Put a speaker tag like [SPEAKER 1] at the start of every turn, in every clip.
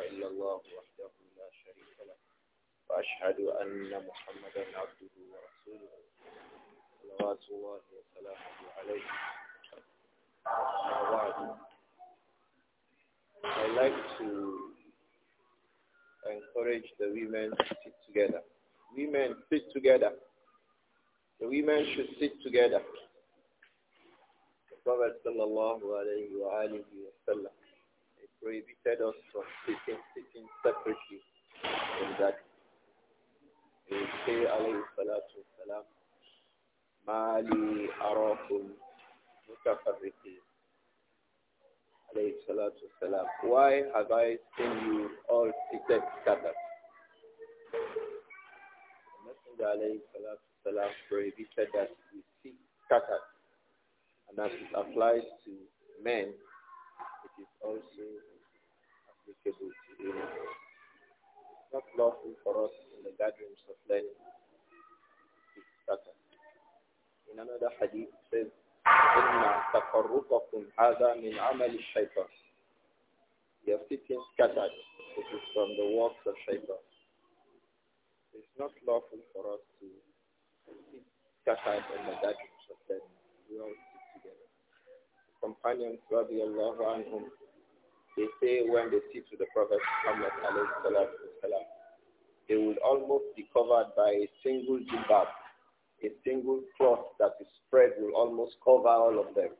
[SPEAKER 1] إلا الله وحده لا شريك له وأشهد أن محمدا عبده ورسوله صلوات الله وسلامه عليه I like to encourage the women to sit together. Women sit together. The women should sit together. The Prophet sallallahu alayhi wa alihi wa sallam prohibited us from sitting, sitting separately in that. say, alayhi salatu wasalam, Mali arakum Alayhi salatu Why have I seen you all seated together? The Messenger alayhi salatu wasalam prohibited that we sit scattered. And as it applies to men, it is also applicable to you. Not lawful for us in the gatherings of learning. In another hadith it says, إن تفرقكم هذا من عمل الشيطان. Your sitting scattered. It is from the works of shaitan. It's not lawful for us to sit scattered in the gatherings of learning. We all sit together. The companions, radiallahu anhum, they say when they sit to the Prophet Muhammad they will almost be covered by a single jibab. A single cloth that is spread will almost cover all of them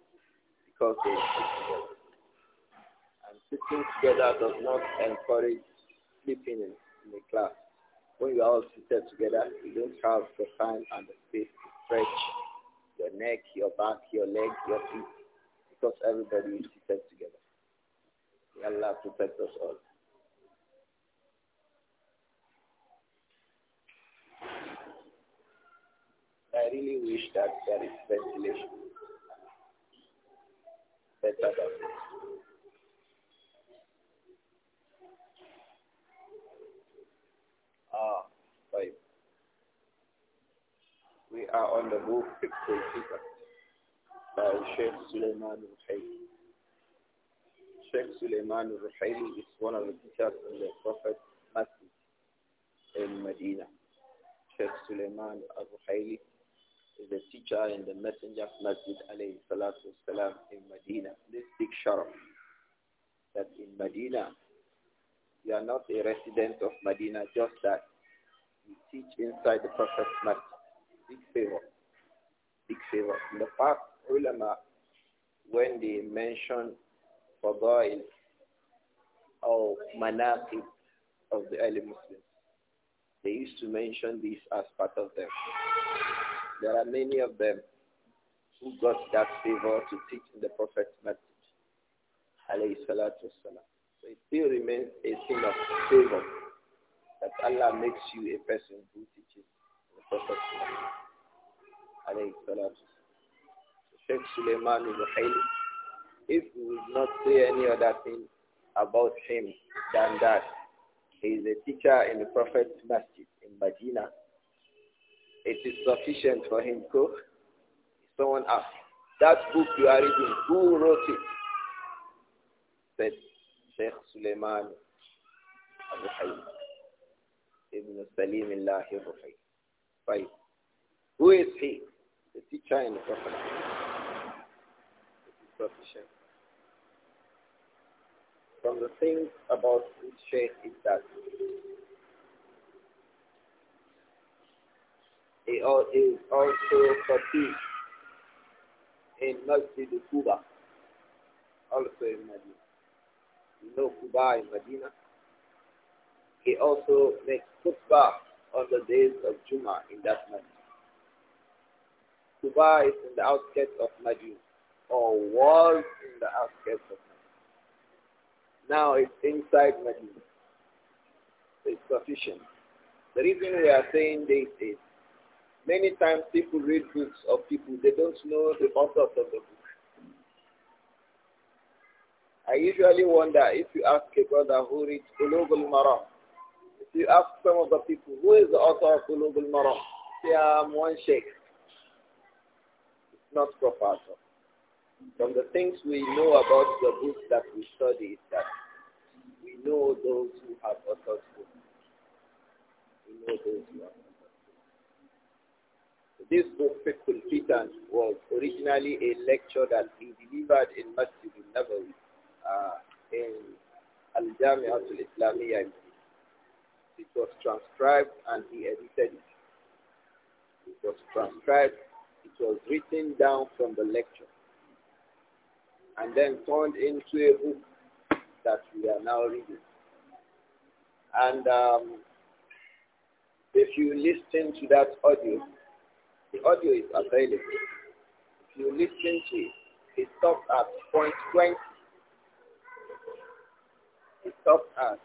[SPEAKER 1] because they sitting together. And sitting together does not encourage sleeping in, in the class. When you are all seated together, you don't have the time and the space to stretch your neck, your back, your legs, your feet, because everybody is seated together. May Allah protect us all. I really wish that there is ventilation better than this. Ah, five. We are on the book Fixed Figure by Sheikh Suleiman Hayy. Sheikh Suleiman al-Ruhaili is one of the teachers of the Prophet Masjid in Medina. Sheikh Suleiman al-Ruhaili is a teacher and the messenger Masjid alayhi salatu salam in Medina. This big sharaf that in Medina, you are not a resident of Medina, just that you teach inside the Prophet's Masjid. Big favor. Big favor. In the past, ulama, when they mention fadail or manaqib of the early Muslims. They used to mention these as part of them. There are many of them who got that favor to teach in the Prophet's message. Alayhi salatu wasalam. So it still remains a thing of favor that Allah makes you a person who teaches the Prophet's message. Alayhi salatu wasalam. Sheikh Suleiman al if we would not say any other thing about him than that he is a teacher in the Prophet's Masjid in Medina, it is sufficient for him, Cook. Someone asked, that book you are reading, who wrote it? Said Sheikh Suleiman Abu Hayyim Ibn Salim Allahi Rufay. Who is he? The teacher in the Prophet. It is sufficient from the things about this sheikh is that he also fatigued in Masjid Kuba, also in Medina. You know Kuba in Medina. He also makes khutbah on the days of Juma in that Masjid. Kuba is in the outskirts of Medina, or was in the outskirts of now it's inside Medina. It's sufficient. The reason we are saying this is many times people read books of people, they don't know the authors of the book. I usually wonder if you ask a brother who reads Ulugul Maram, if you ask some of the people, who is the author of Ulugul Maram? Say, I'm one sheikh. It's not proper. From the things we know about the book that we study is that know those who have authority. We know those who have authority. This book, Fiqhul Fitan, was originally a lecture that he delivered in Masjid in nabawi uh, in al Jamia al-Islamiyya. It was transcribed and he edited it. It was transcribed. It was written down from the lecture and then turned into a book that we are now reading. And um, if you listen to that audio, the audio is available. If you listen to it, it stops at point 20. It stops at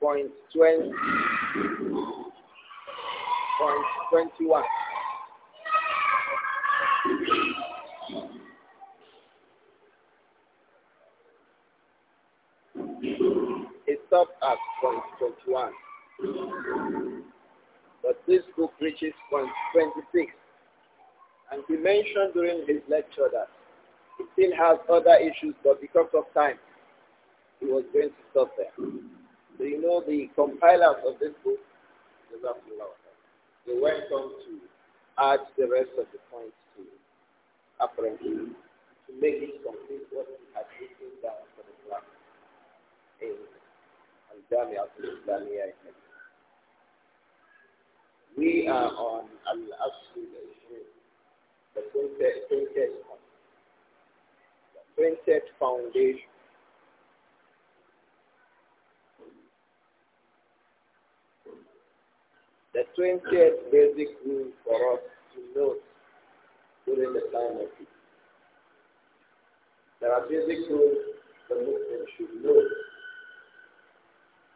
[SPEAKER 1] point 20, point 21. It stopped at point 21. But this book reaches point 26. And he mentioned during his lecture that he still has other issues, but because of time, he was going to stop there. So you know the compilers of this book, they went on to add the rest of the points to apparently to make it complete what he had written down in al We are on Al-Asr the 20th, the 20th foundation. The 20th basic rule for us to know during the time of it. There are basic rules the Muslim should know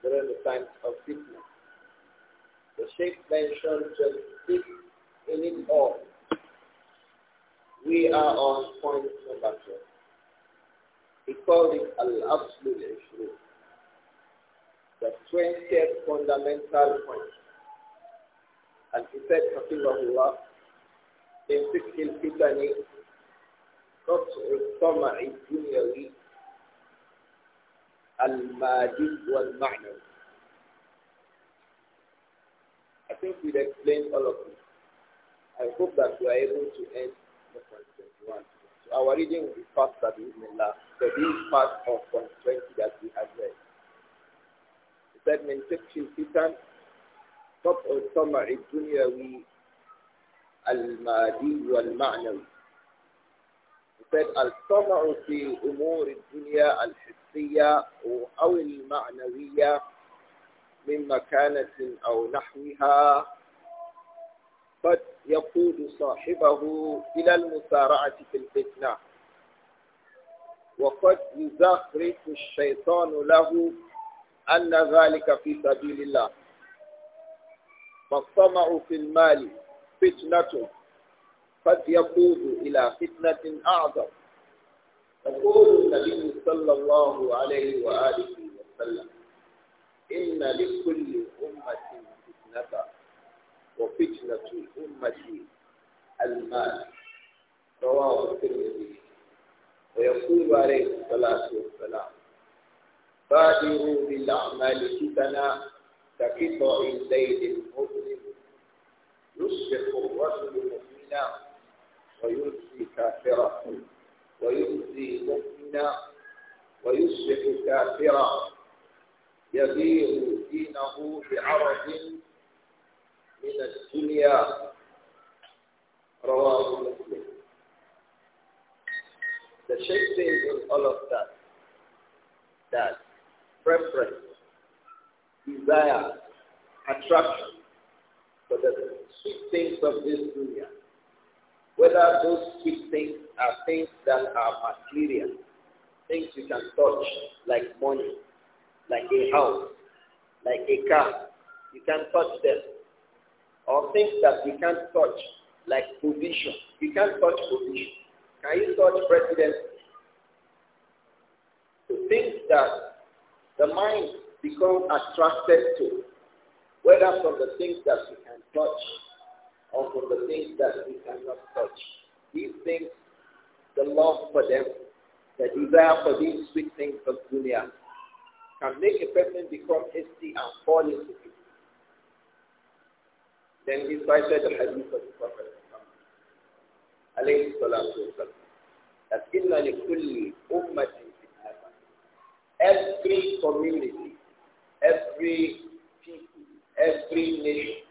[SPEAKER 1] during the time of fitna. The Sheikh mentioned just six in it all. We are on point number two. He called it an absolute issue. The 20th fundamental point. And he said, Hafizahullah, in Fiqh al-Fitani, قطع الطمع الدنيوي al-madi wal-ma'nawi. I think we've explained all of this. I hope that we are able to end the point 21. So our reading will be faster than the last. this is part of point 20 that we have read. It said, من سكش الفتن قطع الطمع الدنيوي المادي والمعنوي. It said, الطمع في أمور الدنيا الحسن الحسية أو المعنوية من مكانة أو نحوها قد يقود صاحبه إلى المسارعة في الفتنة وقد يزخرف الشيطان له أن ذلك في سبيل الله فالطمع في المال فتنة قد يقود إلى فتنة أعظم يقول النبي صلى الله عليه وآله وسلم إن لكل أمة فتنة وفتنة الأمة المال رواه الترمذي ويقول عليه الصلاة والسلام بادروا بالأعمال فتنا كقطع الليل المظلم يصبح الرجل مؤمنا ويمسي كافرا ويؤذي مؤمنا ويصبح كافرا يبيع دينه بعرض من الدنيا رواه مسلم The Sheikh says all of that, that preference, desire, attraction for the sweet things of this dunya whether those sweet things are things that are material, things you can touch, like money, like a house, like a car, you can touch them. Or things that you can't touch, like provision. You can't touch provision. Can you touch president? The things that the mind becomes attracted to, whether from the things that you can touch or from the things that we cannot touch. These things, the love for them, the desire for these sweet things of dunya can make a person become hasty and fall into it. Then he cited the hadith of the Prophet that inna li kulli Every community, every people, every nation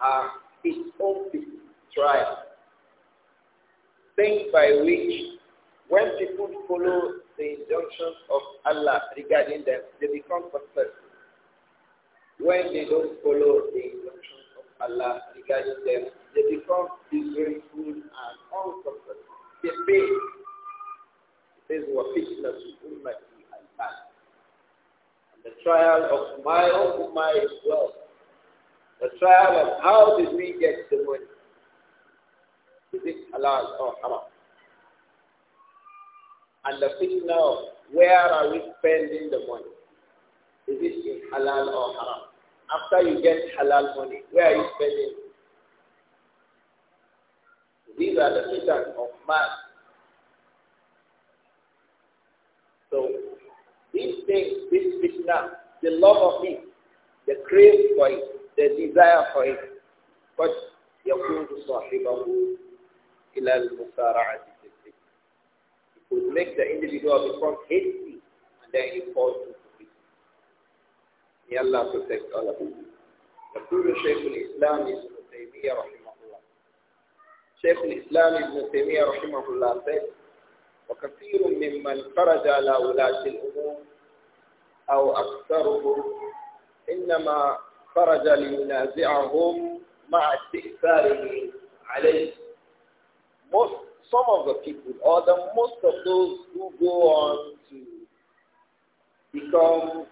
[SPEAKER 1] are his own people, tribe. Things by which, when people follow the injunctions of Allah regarding them, they become successful. When they don't follow the injunctions of Allah regarding them, they become disgraceful and unsuccessful. They fail. This what fitness to Ummati al And the trial of my own Ummah is well. The trial of how did we get the money? Is it halal or haram? And the of where are we spending the money? Is it in halal or haram? After you get halal money, where are you spending it? These are the questions of man. So these things, this fitna, the love of it, the crave for it, the desire for it قد يقود صاحبه إلى المسارعة في الفتنة It would make the individual become hasty and then he falls into prison. May Allah protect all of us. يقول شيخ الإسلام ابن تيمية رحمه الله شيخ الإسلام ابن تيمية رحمه الله said وكثير ممن خرج على ولاة الأمور أو أكثرهم إنما خرج لينازعهم مع استئثاره عليه most some of the people or the most of those who go on to become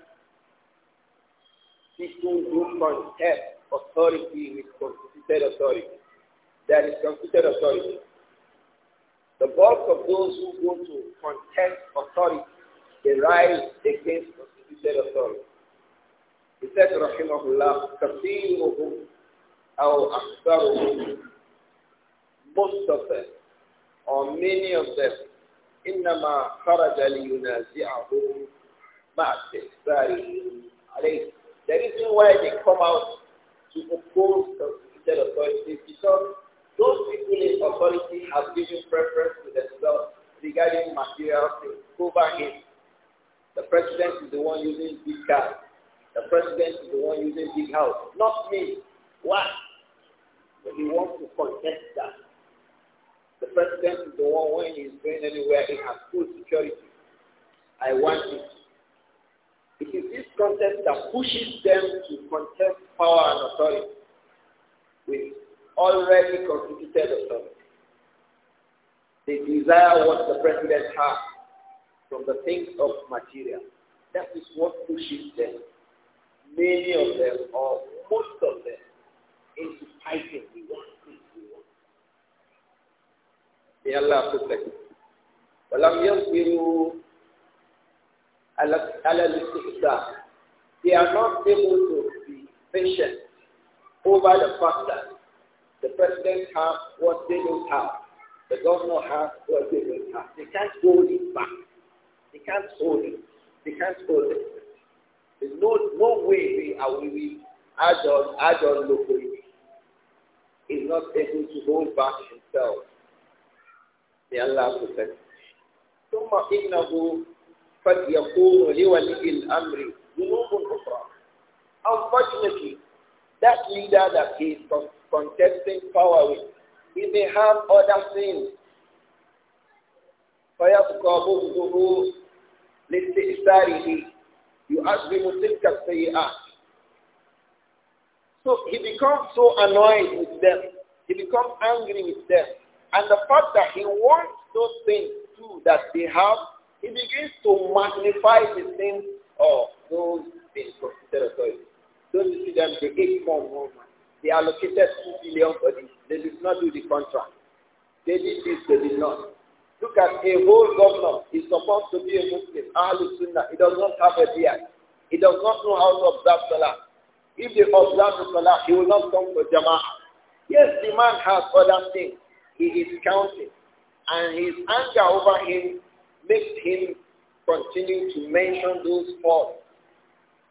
[SPEAKER 1] people who contest authority with constituted authority. That is constituted authority. The bulk of those who go to contest authority, they rise against constituted authority. He said, Rahimahullah, كثيرهم أو أكثرهم Most of them, or many of them, إنما خرج لينازعهم مع استكبارهم عليه. The reason why they come out to oppose constituted authorities because those people in authority have given preference to themselves regarding material things over him. The president is the one using big cards. The president is the one using big house, not me. Why? But he wants to contest that. The president is the one when he's going anywhere, he has full security. I want it. It is this contest that pushes them to contest power and authority with already constituted authority. They desire what the president has from the things of material. That is what pushes them many of them or most of them into fighting the one thing we want. May Allah protect us. ولم يصبروا على الاستئذان. They are not able to be patient over the fact that the president has what they don't have. The governor has what they don't have. They can't hold it back. They can't hold it. They can't hold it. There's no, no way the uh, Awili, Adon, Adon Lokori, is not able to hold back himself. May Allah protect him. ثم إنه قد يكون لولي الأمر ذنوب أخرى. Unfortunately, that leader is contesting power with, he may have other sins. فيبقى بغضه لاستئثاره you ask يعذب تلك say. So he becomes so annoyed with them. He becomes angry with them. And the fact that he wants those things too that they have, he begins to magnify the things of those things considered territory. Don't you see them, they ate more movement. They allocated 2 billion for this. They did not do the contract. They did this, they did not. Look at a whole governor. He's supposed to be a Muslim. Ahlul Sunnah. He does not have a beard. He does not know how to observe Salah. If he observes Salah, he will not come for Jama'ah. Yes, the man has other things. He is counting. And his anger over him makes him continue to mention those faults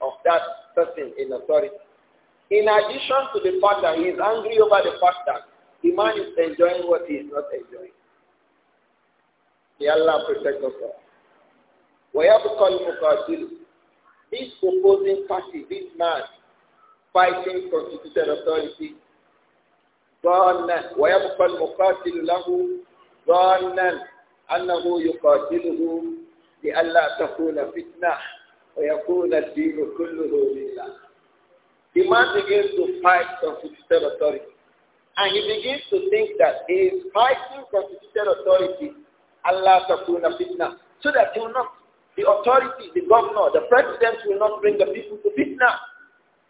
[SPEAKER 1] of that person in authority. In addition to the fact that he is angry over the fact that the man is enjoying what he is not enjoying. Allah protect us all. ويبقى المقاتل This opposing party, this man, fighting constituted authority, ظانا ويبقى المقاتل له ظانا أنه يقاتله لئلا تكون فتنة ويكون الدين كله لله. The man begins to fight constituted authority. And he begins to think that he is fighting constituted authority Allah takuna fitna. So that you will not, the authority, the governor, the president will not bring the people to fitna.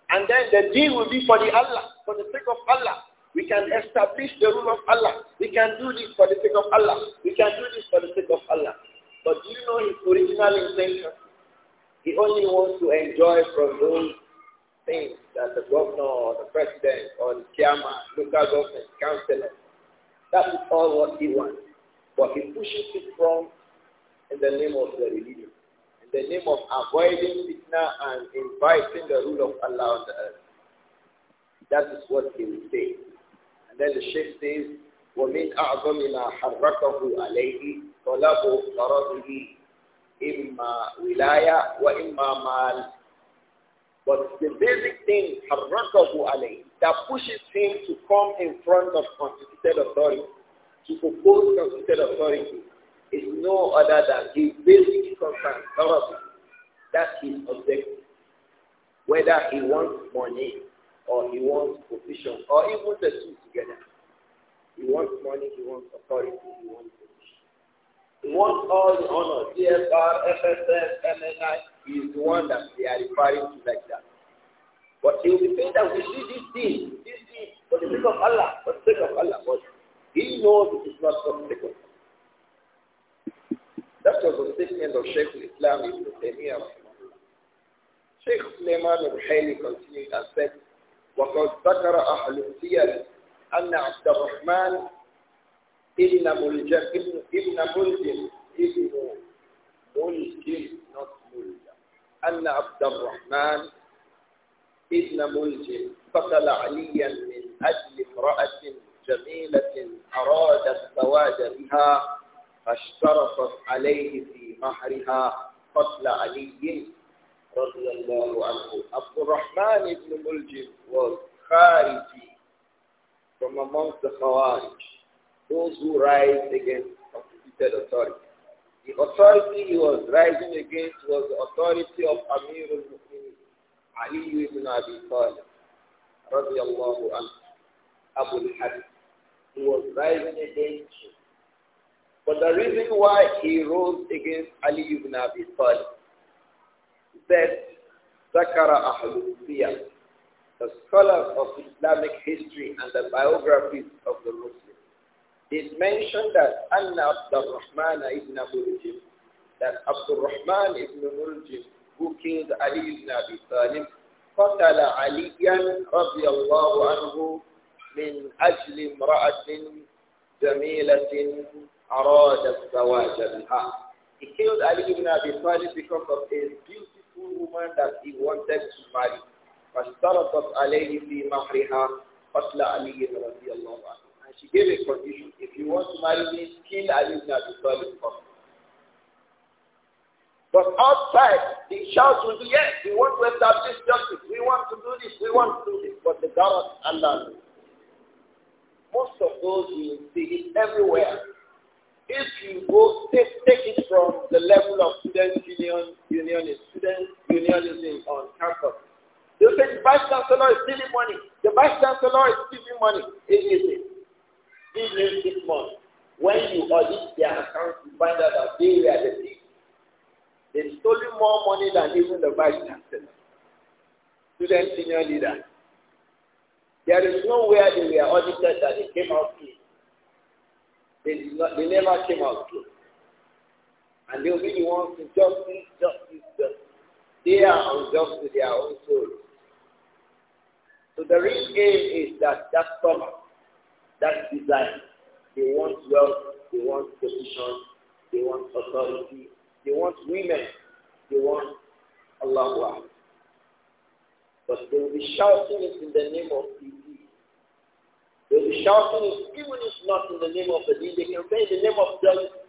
[SPEAKER 1] And then the deal will be for the Allah, for the sake of Allah. We can establish the rule of Allah. We can do this for the sake of Allah. We can do this for the sake of Allah. But do you know his original intention? He only wants to enjoy from those things that the governor or the president or the chairman, local government, councillor, that is all what he wants. But he pushes it from in the name of the religion, in the name of avoiding fitna and inviting the rule of Allah on the earth. That is what he will say. And then the Sheikh says, وَمِنْ أَعْظَمِ مَا حَرَّكَهُ عَلَيْهِ طَلَبُ غَرَضِهِ إِمَّا وِلَايَةً وَإِمَّا مَالٍ But the basic thing, حَرَّكَهُ عَلَيْهِ, that pushes him to come in front of constituted authority to propose constituted authority is no other than his basic concern, authority. That's his objective. Whether he wants money or he wants position or even the two together. He wants money, he wants authority, he wants position. He wants all the honour. C S R F CFR, FSS, MNI. He is the one that they are referring to like that. But he will be saying that we see this thing, this thing, for the sake of Allah, for the sake of Allah. But he knows it is not possible. That was the statement of Sheikh Islam Ibn Taymiyyah. Sheikh Sulaiman al-Hayli continued and said, وقد ذكر أهل السير أن عبد الرحمن ابن ملجم ابن ملجم ابن ملجم not ملجم أن عبد الرحمن ابن ملجم قتل عليا من أجل امرأة جميلة أراد الزواج بها فاشترطت عليه في مهرها قتل علي رضي الله عنه عبد الرحمن بن ملجم was from amongst the Khawarij those who rise against constituted authority the authority he was rising against was the authority of Amir al-Mu'minin Ali ibn Abi Talib رضي الله عنه أبو الحسن he was rising against you. But the reason why he rose against Ali ibn Abi Talib that Zakara Ahlul Siyah, the scholars of Islamic history and the biographies of the Muslims, did mention that Anna Abdul Rahman ibn Muljim, that Abdul Rahman ibn Muljim, who killed Ali ibn Abi Talib, قتل عليا رضي الله عنه من أجل امرأة جميلة أراد الزواج بها. He killed Ali ibn Abi Talib because of a beautiful woman that he wanted to marry. فاشترطت عليه في مهرها قتل علي رضي الله عنه. And she gave a condition. If you want to marry me, kill Ali ibn Abi Talib first. But outside, the shouts will be, yes, we want to establish justice. We want to do this. We want to do this. But the God of Allah knows. Most of those you will see it everywhere. If you go take, take it from the level of student union, unionism, student unionism on campus, they say the vice chancellor is stealing money. The vice chancellor is stealing money. It is it. This news this month. When you audit their accounts, you find out that they were the thieves. They stole more money than even the vice chancellor, student senior leader. There is nowhere they were audited that they came out clean. They, they never came out clean. And they really want to justice, justice, justice.
[SPEAKER 2] They are unjust
[SPEAKER 1] to their own souls. So the real aim is that that stomach, that desire, they want wealth, they want position, they want authority, they want women, they want Allah. But they will be shouting it in the name of the deen. They will be shouting it even if not in the name of the D, They can say in the name of justice.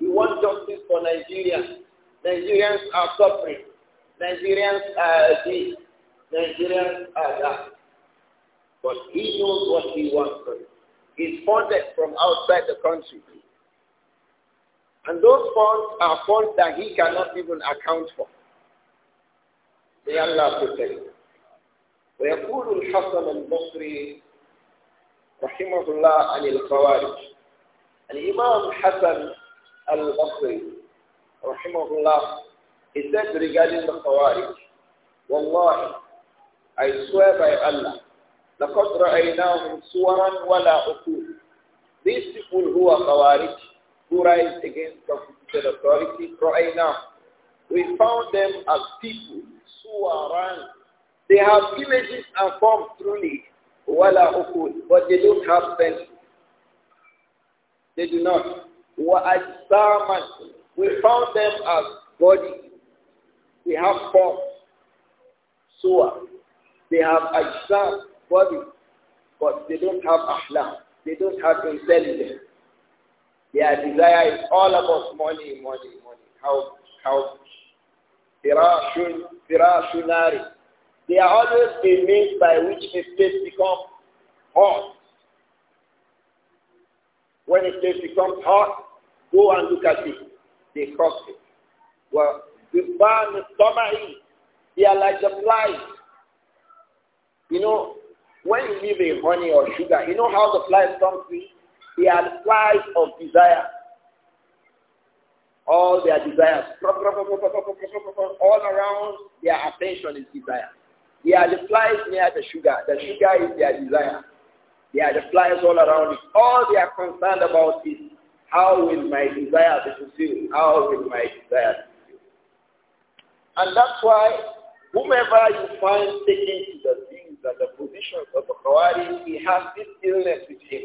[SPEAKER 1] We want justice for Nigeria. Nigerians are suffering. Nigerians are this. Nigerians are that. But he knows what he wants He's it. funded from outside the country. And those funds are funds that he cannot even account for. They are not protected. ويقول الحسن البصري رحمه الله عن الخوارج
[SPEAKER 2] الإمام حسن
[SPEAKER 1] البصري رحمه الله he said regarding the خوارج والله I swear by Allah لقد رأيناهم صورا ولا عقول These people who are خوارج who rise against the authority رأيناهم We found them as people, suwaran, they have images and forms truly, wala ukud, but they don't have sense. They do not. We found them as body. They have form, suwa. They have ajsam, body, but they don't have ahlam. They don't have intelligence. Their desire is all about money, money, money. How, how, firashun, firashunari. There are always a means by which the state becomes hot. When the state becomes hot, go and look at it. They cross it. Well, the ban stomach, they are like the flies. You know, when you leave a honey or sugar, you know how the flies come to you? They are the flies of desire. All their desires, all around their attention is desire. They are the flies near the sugar. The sugar is their desire. They are the flies all around it. All they are concerned about is how will my desire be fulfilled? How will my desire be fulfilled? And that's why whomever you find taking to the things and the positions of the Khawari, he has this illness with him.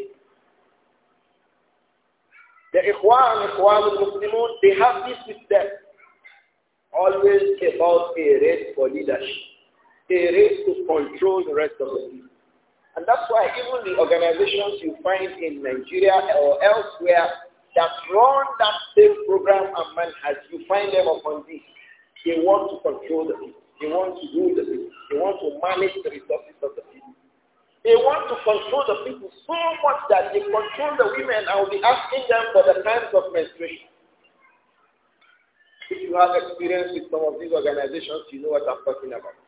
[SPEAKER 1] The Ikhwan, Ikhwan muslimun they have this with them. Always about a race for leadership they race to control the rest of the people. And that's why even the organizations you find in Nigeria or elsewhere that run that same program and manhaj, you find them upon this. They want to control the people. They want to rule the people. They want to manage the resources of the people. They want to control the people so much that they control the women and will be asking them for the times of menstruation. If you have experience with some of these organizations, you know what I'm talking about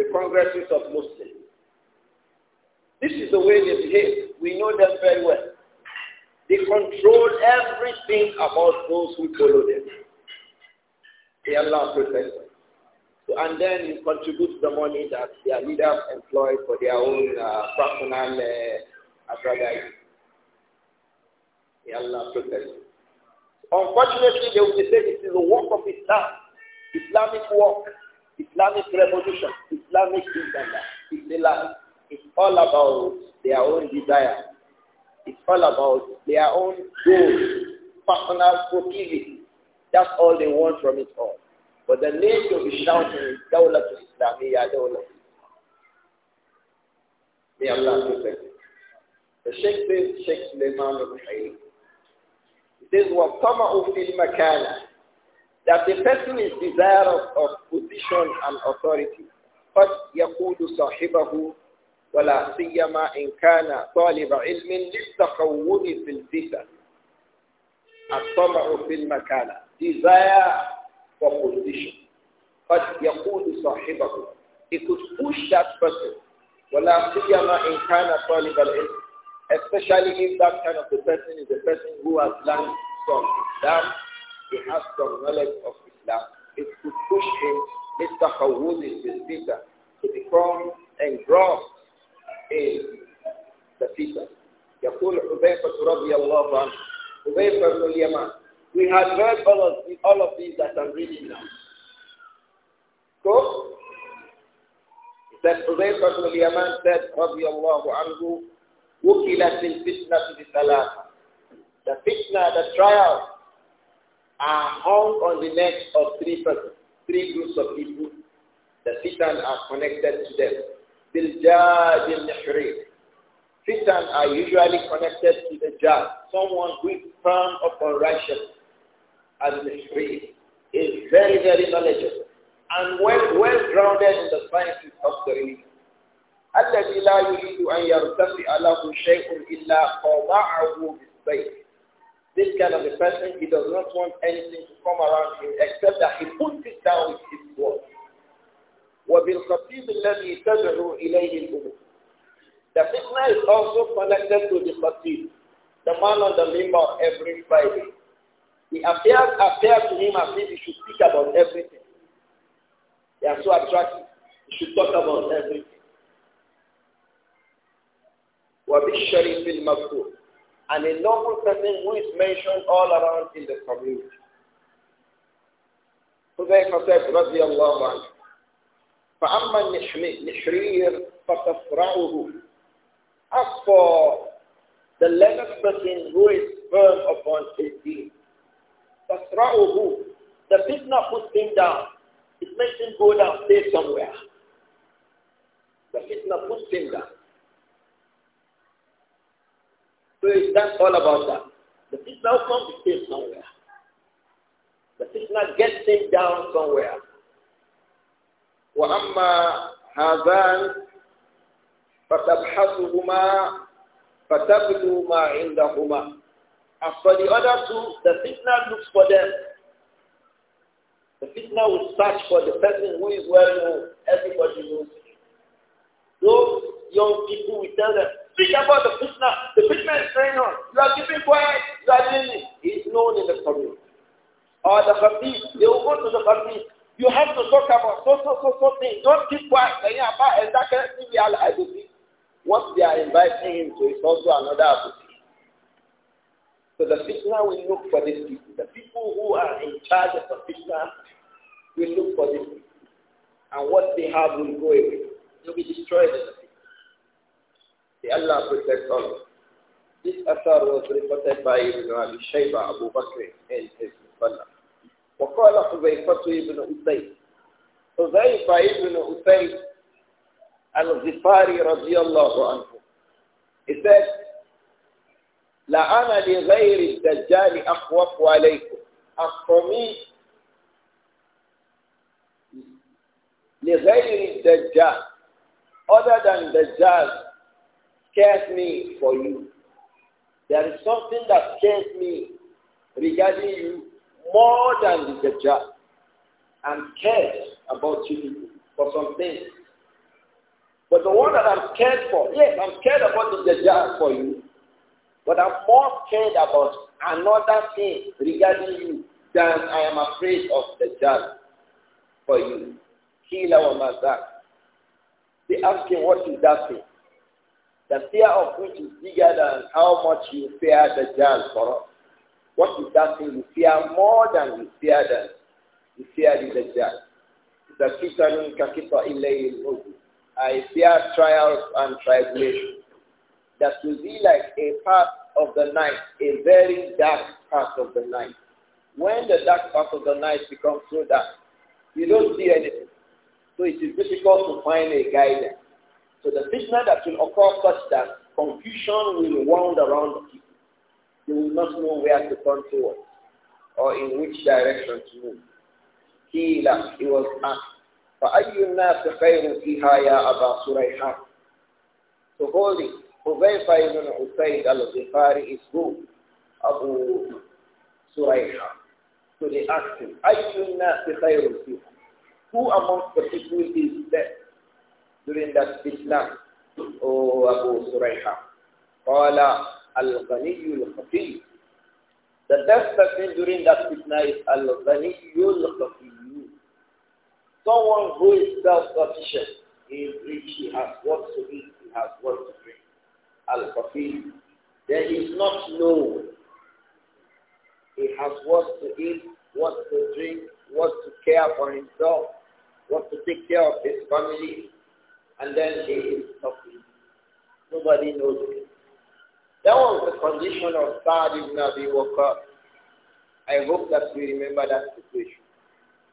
[SPEAKER 1] the congresses of Muslims. This is the way they behave. We know them very well. They control everything about those who follow them. They allow protection. So, and then you contribute the money that their leaders employ for their own uh, personal uh, They allow protection. Unfortunately, they will say this is a work of Islam, Islamic work. Islamic revolution, Islamic Islam, Islam, it's all about their own desire. It's all about their own goals, personal proclivity. That's all they want from it all. But the name to be shouting is Dawlat Islamiyya Dawlat. May Allah protect it. The Sheikh says, Sheikh Suleiman al This He says, وَطَمَعُ فِي الْمَكَانَ That the person is desirous of position and authority. قد يقود صاحبه ولا سيما إن كان طالب علم للتقوم في الفتن الطمع في المكانة desire for position قد يقود صاحبه could push that person ولا سيما إن كان طالب العلم especially if that kind of the person is a person who has learned some Islam he has some knowledge of Islam is to push him, Mr. Hawud the speaker, to become engrossed in the fitna. يقول حذيفة رضي الله عنه حذيفة بن اليمان We had heard all of, the, all of these that I'm reading now. So, that حذيفة بن اليمان said رضي الله عنه وكلت الفتنة بثلاثة The fitna, the trial are hung on the neck of three persons, three groups of people. The fitan are connected to them. Biljad Fitan are usually connected to the jah, someone who is firm upon righteousness. al is very, very knowledgeable and well, well grounded in the sciences of the religion. الذي لا يريد أن يرتفع له شيء إلا قضعه بالسيف this kind of a person, he does not want anything to come around him except that he puts it down with his word. وبالخطيب الذي تدعو إليه الأمور The fitna is also connected to the khatib, the man on the member every Friday. He appears, appears to him as if he should speak about everything. They are so attractive. He should talk about everything. وبالشريف المذكور and a noble person who is mentioned all around in the community. حذيفة طيب رضي الله عنه فأما النشرير فتفرعه As for the learned person who is firm upon his deed, تفرعه The fitna puts him down. It makes him go down, stay somewhere. The fitna puts him down. So that's all about that. The fitna comes to him somewhere. The fitna gets him down somewhere. وأما هذان فتبحثهما فتبدو ما عندهما As for the other two, the fitna looks for them. The fitna will search for the person who is well known. Everybody knows. Those young people will tell them, Speak about the fitna. The fitna is saying, on. You are keeping quiet. You are doing it. known in the community. Or the Khabib. They will go to the Khabib. You have to talk about so, so, so, so things. Don't keep quiet. What they are inviting him to is also another apathy. So the fitna will look for these people. The people who are in charge of the fitna will look for these people. And what they have will go away. They will be destroyed May Allah protect all of us. This asar was reported by Ibn Abi Shayba Abu Bakr his Musalla. وقال حذيفة ابن أسيد حذيفة ابن أسيد الغفاري رضي الله عنه He said لأنا لغير الدجال أخوف عليكم As for me لغير الدجال other than Dajjal scares me for you. There is something that scares me regarding you more than the job, I'm scared about you for some things. But the one that I'm scared for, yes, I'm scared about the job for you, but I'm more scared about another thing regarding you than I am afraid of the job for you. Kila wa mazak. They ask him, what is that thing? The fear of which is bigger than how much you fear the jail for us. What is that thing you fear more than you fear the, you fear the Dajjal? The kitanun kakita ilayil hudu. I fear trials and tribulations. That will be like a part of the night, a very dark part of the night. When the dark part of the night becomes so dark, you don't see anything. So it is difficult to find a guidance. So the fitna that will occur such that confusion will wound around the people. They will not know where to turn towards or in which direction to move. He left. He was asked, فَأَيُّ النَّاسِ خَيْرٌ فِيهَا يَا أَبَا سُرَيْحَةٍ So holy, Huzaifa ibn Usaid al-Zifari is who? Abu Suraiha. So they asked him, أَيُّ النَّاسِ خَيْرٌ فِيهَا Who amongst the people is best? during that fitna, O oh, Abu Surayha. Qala al-ghaniyul khafi. The best person during that fitna is al-ghaniyul khafi. Someone who is self-sufficient. He is rich, he has what to eat, he has what to drink. Al-khafi. Then he not known. He has what to eat, what to drink, what to care for himself, what to take care of his family, and then he is suffering. Nobody knows him. That was the condition of Sa'd ibn Abi Waqqas. I hope that we remember that situation.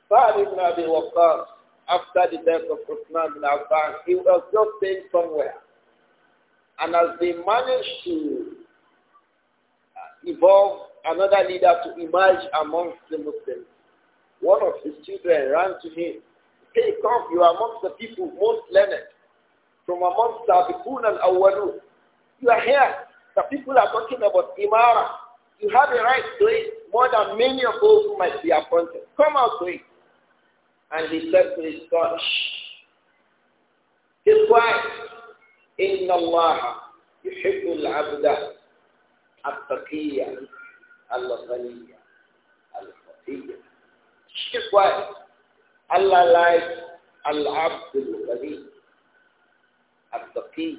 [SPEAKER 1] sa ibn Abi Waqqas, after the death of Uthman bin Affan, he was just staying somewhere. And as they managed to uh, evolve another leader to emerge amongst the Muslims, one of his children ran to him. Hey, come, you are amongst the people most learned. from amongst سابقون الأولون You are here. The people are talking about Imara. You have a right to it more than many of those who might be appointed. Come out to it. And he said to his son, Shh. Keep quiet. إن الله يحب العبد التقي الغني الخفي. Keep quiet. Allah likes al-abd Al-Taqi,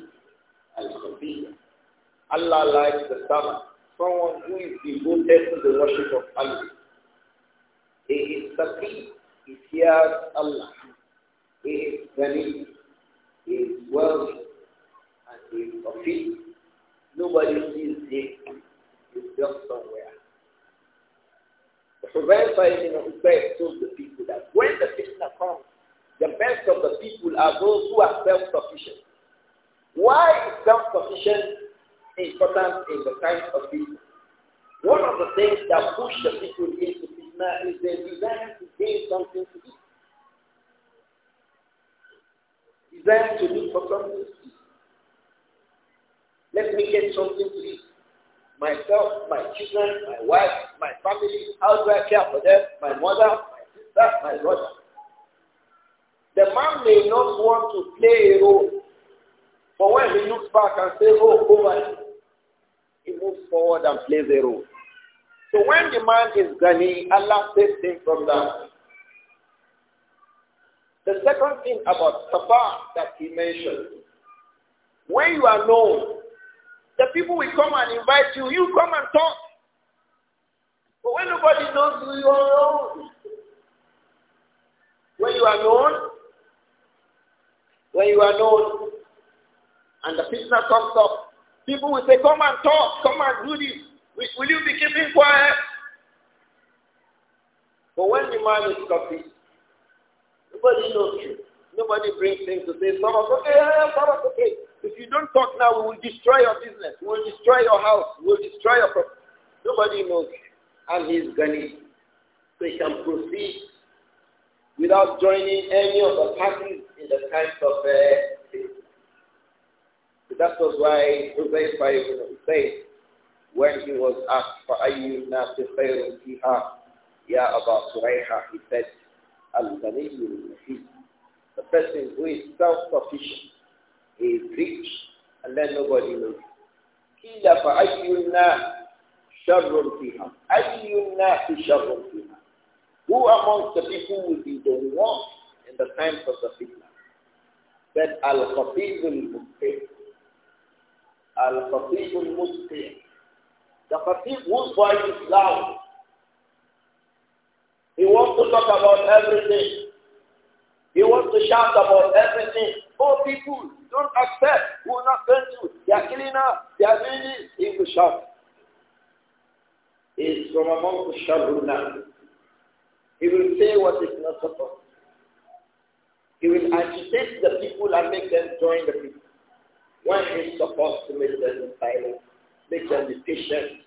[SPEAKER 1] Allah likes the servant, someone who is devoted to the worship of Allah. He is Taqi, he fears Allah. He is Ghani, he is wealthy, and he is Taqi. Nobody sees him, he's just somewhere. The Prophet ibn Husayf told the people that when the fitna comes, the best of the people are those who are self-sufficient. Why is self sufficient important in the times of business? One of the things that push the people into business is their desire to gain something to eat. Desire to look for something to eat. Let me get something to eat. Myself, my children, my wife, my family, how do I care for them? My mother, my sister, my brother.
[SPEAKER 2] The man may not
[SPEAKER 1] want to play a role but when he looks back and says, oh, over, he moves forward and plays a role. So when the man is Ghani, Allah saves him from that. The second thing about Safa that he mentioned, when you are known, the people will come and invite you. You come and talk. But when nobody knows you, you are known, When you are known, when you are known, and the prisoner comes up, people will say, come and talk, come and do this. Will, you be keeping quiet? But when the man is talking, nobody knows you. Nobody brings things to say, Mama, okay, Mama, okay. If you don't talk now, we will destroy your business. We will destroy your house. We will destroy your property. Nobody knows. you, And he's Ghani. So he can proceed without joining any of the parties in the kinds of uh, that was why Huzaifa ibn Hussein, when he was asked for Ayyul Nasi Khairun Fiha, Ya Aba Suraiha, he said, Al-Ghaniyul The person who is self-sufficient, he is rich, and then nobody knows. Kila fa Ayyul Nasi Sharrun Fiha. Ayyul Nasi Sharrun Fiha. Who amongst the people will be the worst in the times of the fitna? That Al-Khafiz al-Muhid. Al-Khatib al-Musqi. The fatiḥ whose voice is loud. He wants to talk about everything. He wants to shout about everything. Poor people, don't accept. We are not going to. They are killing us. They are doing this. He will shout. He is from among the Sharunah. He will say what is not supposed. He will agitate the people and make them join the people. When he's supposed to make them silent, make them be patient,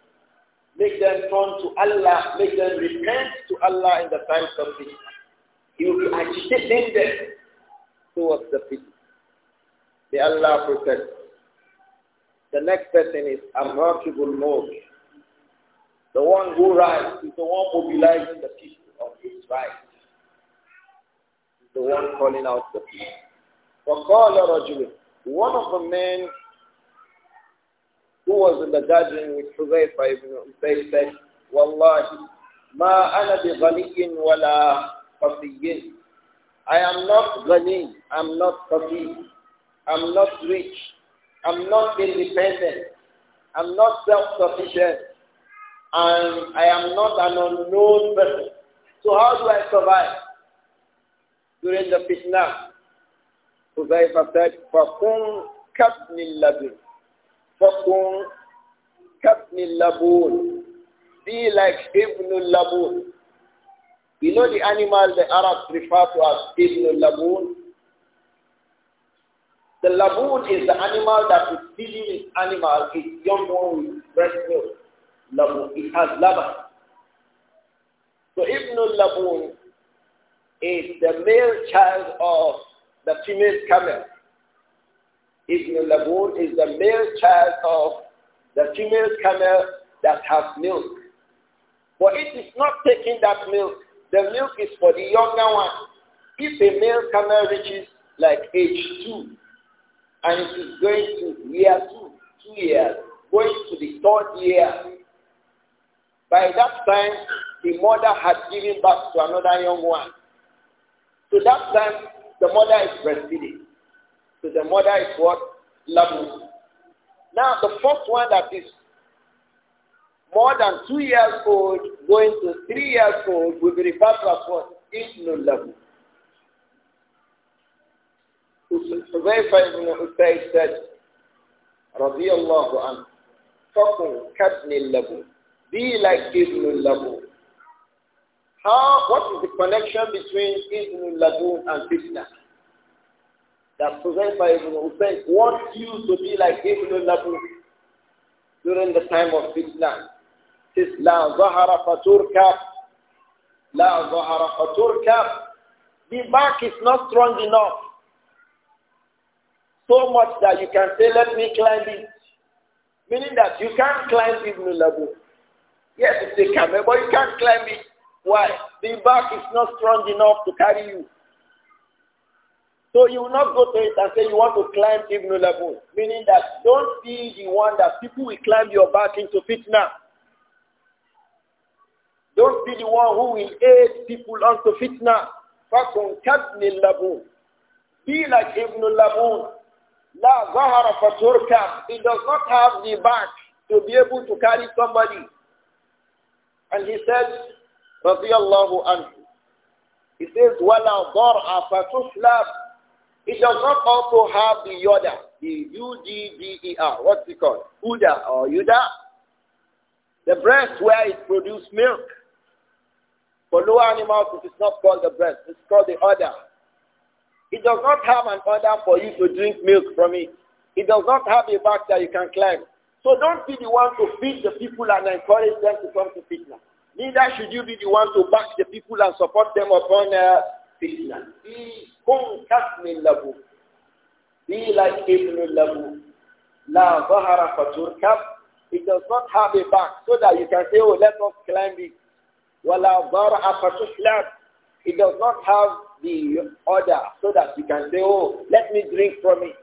[SPEAKER 1] make them turn to Allah, make them repent to Allah in the times of fitna. He will be agitating them towards the people. May Allah protect The next person is Amrakibul Mawd. The one who rides is the one mobilizing the people of his right. the one calling out the people. فقال رجل one of the men who was in the garden with Hudayfa ibn Ubay said, Wallahi, ma ana bi ghaniyin wala fasiyin. I am not ghani, I'm not fasiy, I'm not rich, I'm not independent, I'm not self-sufficient, and I am not an unknown person. So how do I survive during the fitna? Huzaifa said, "Fakun كَبْنِ اللَّبِنِ فَكُنْ كَبْنِ اللَّبُونِ Be like Ibn labun You know the animal the Arabs refer to as Ibn labun The laboon is the animal that is feeding its animal, its young one with breast milk. Laboon. It has laban. So Ibn al-Laboon is the male child of the female camel. Ibn Labun is the male child of the female camel that has milk. But it is not taking that milk. The milk is for the younger one. If a male camel reaches like age two, and it is going to year two, two years, going to the third year, by that time the mother had given birth to another young one. So that time the mother is breastfeeding. So the mother is what? Labu. Now the first one that is more than two years old going to three years old will be referred to as what? Ibn So حذيفة بن عتيب that رضي الله عنه فقل level, اللبو be like ابن اللبو how, what is the connection between Ibn Ladun and Fitna? That Huzaifa Ibn Hussein wants you to be like Ibn Ladun during the time of Fitna. Says, La Zahara Faturka. La Zahara Faturka. The back is not strong enough. So much that you can say, let me climb it. Meaning that you can't climb Ibn Labu. Yes, it's a camel, but you can't climb it. Why? The back is not strong enough to carry you. So you will not go to it and say you want to climb Ibn Laboon, meaning that don't be the one that people will climb your back into fitna. Don't be the one who will aid people onto fitna. فَكُنْ كَبْنِ اللَّبُونَ Be like Ibn Labun. La ظَهَرَ faturka. He does not have the back to be able to carry somebody. And he said, radiallahu anhu. He says, وَلَا ضَرْعَ فَتُسْلَبْ It does not also have the yoda, the U-D-D-E-R. What's it called? Uda or Yuda. The breast where it produces milk. For lower animals, it is not called the breast. It's called the udder. It does not have an udder for you to drink milk from it. It does not have a back that you can climb. So don't be the one to feed the people and encourage them to come to fitness. Neither should you be the one to back the people and support them upon uh, fitna. Be Be like Ibn labu. La zahara faturkab. It does not have a back so that you can say, oh, let us climb it. Wala zahara faturkab. It does not have the order so that you can say, oh, let me drink from it.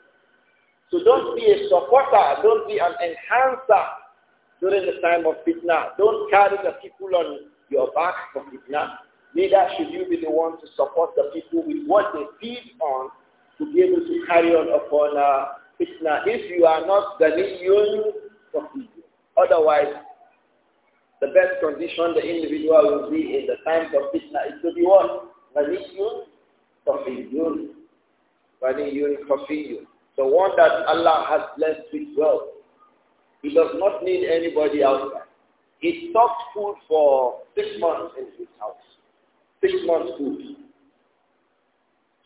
[SPEAKER 1] So don't be a supporter. Don't be an enhancer during the time of fitna. Don't carry the people on your back for fitna. Neither should you be the one to support the people with what they feed on to be able to carry on upon uh, fitna if you are not for fitna, Otherwise, the best condition the individual will be in the times of fitna is to be what? Ganiyun faqir. Ganiyun faqir. The one that Allah has blessed with wealth. He does not need anybody outside. He stocked food for six months in his house. Six months food.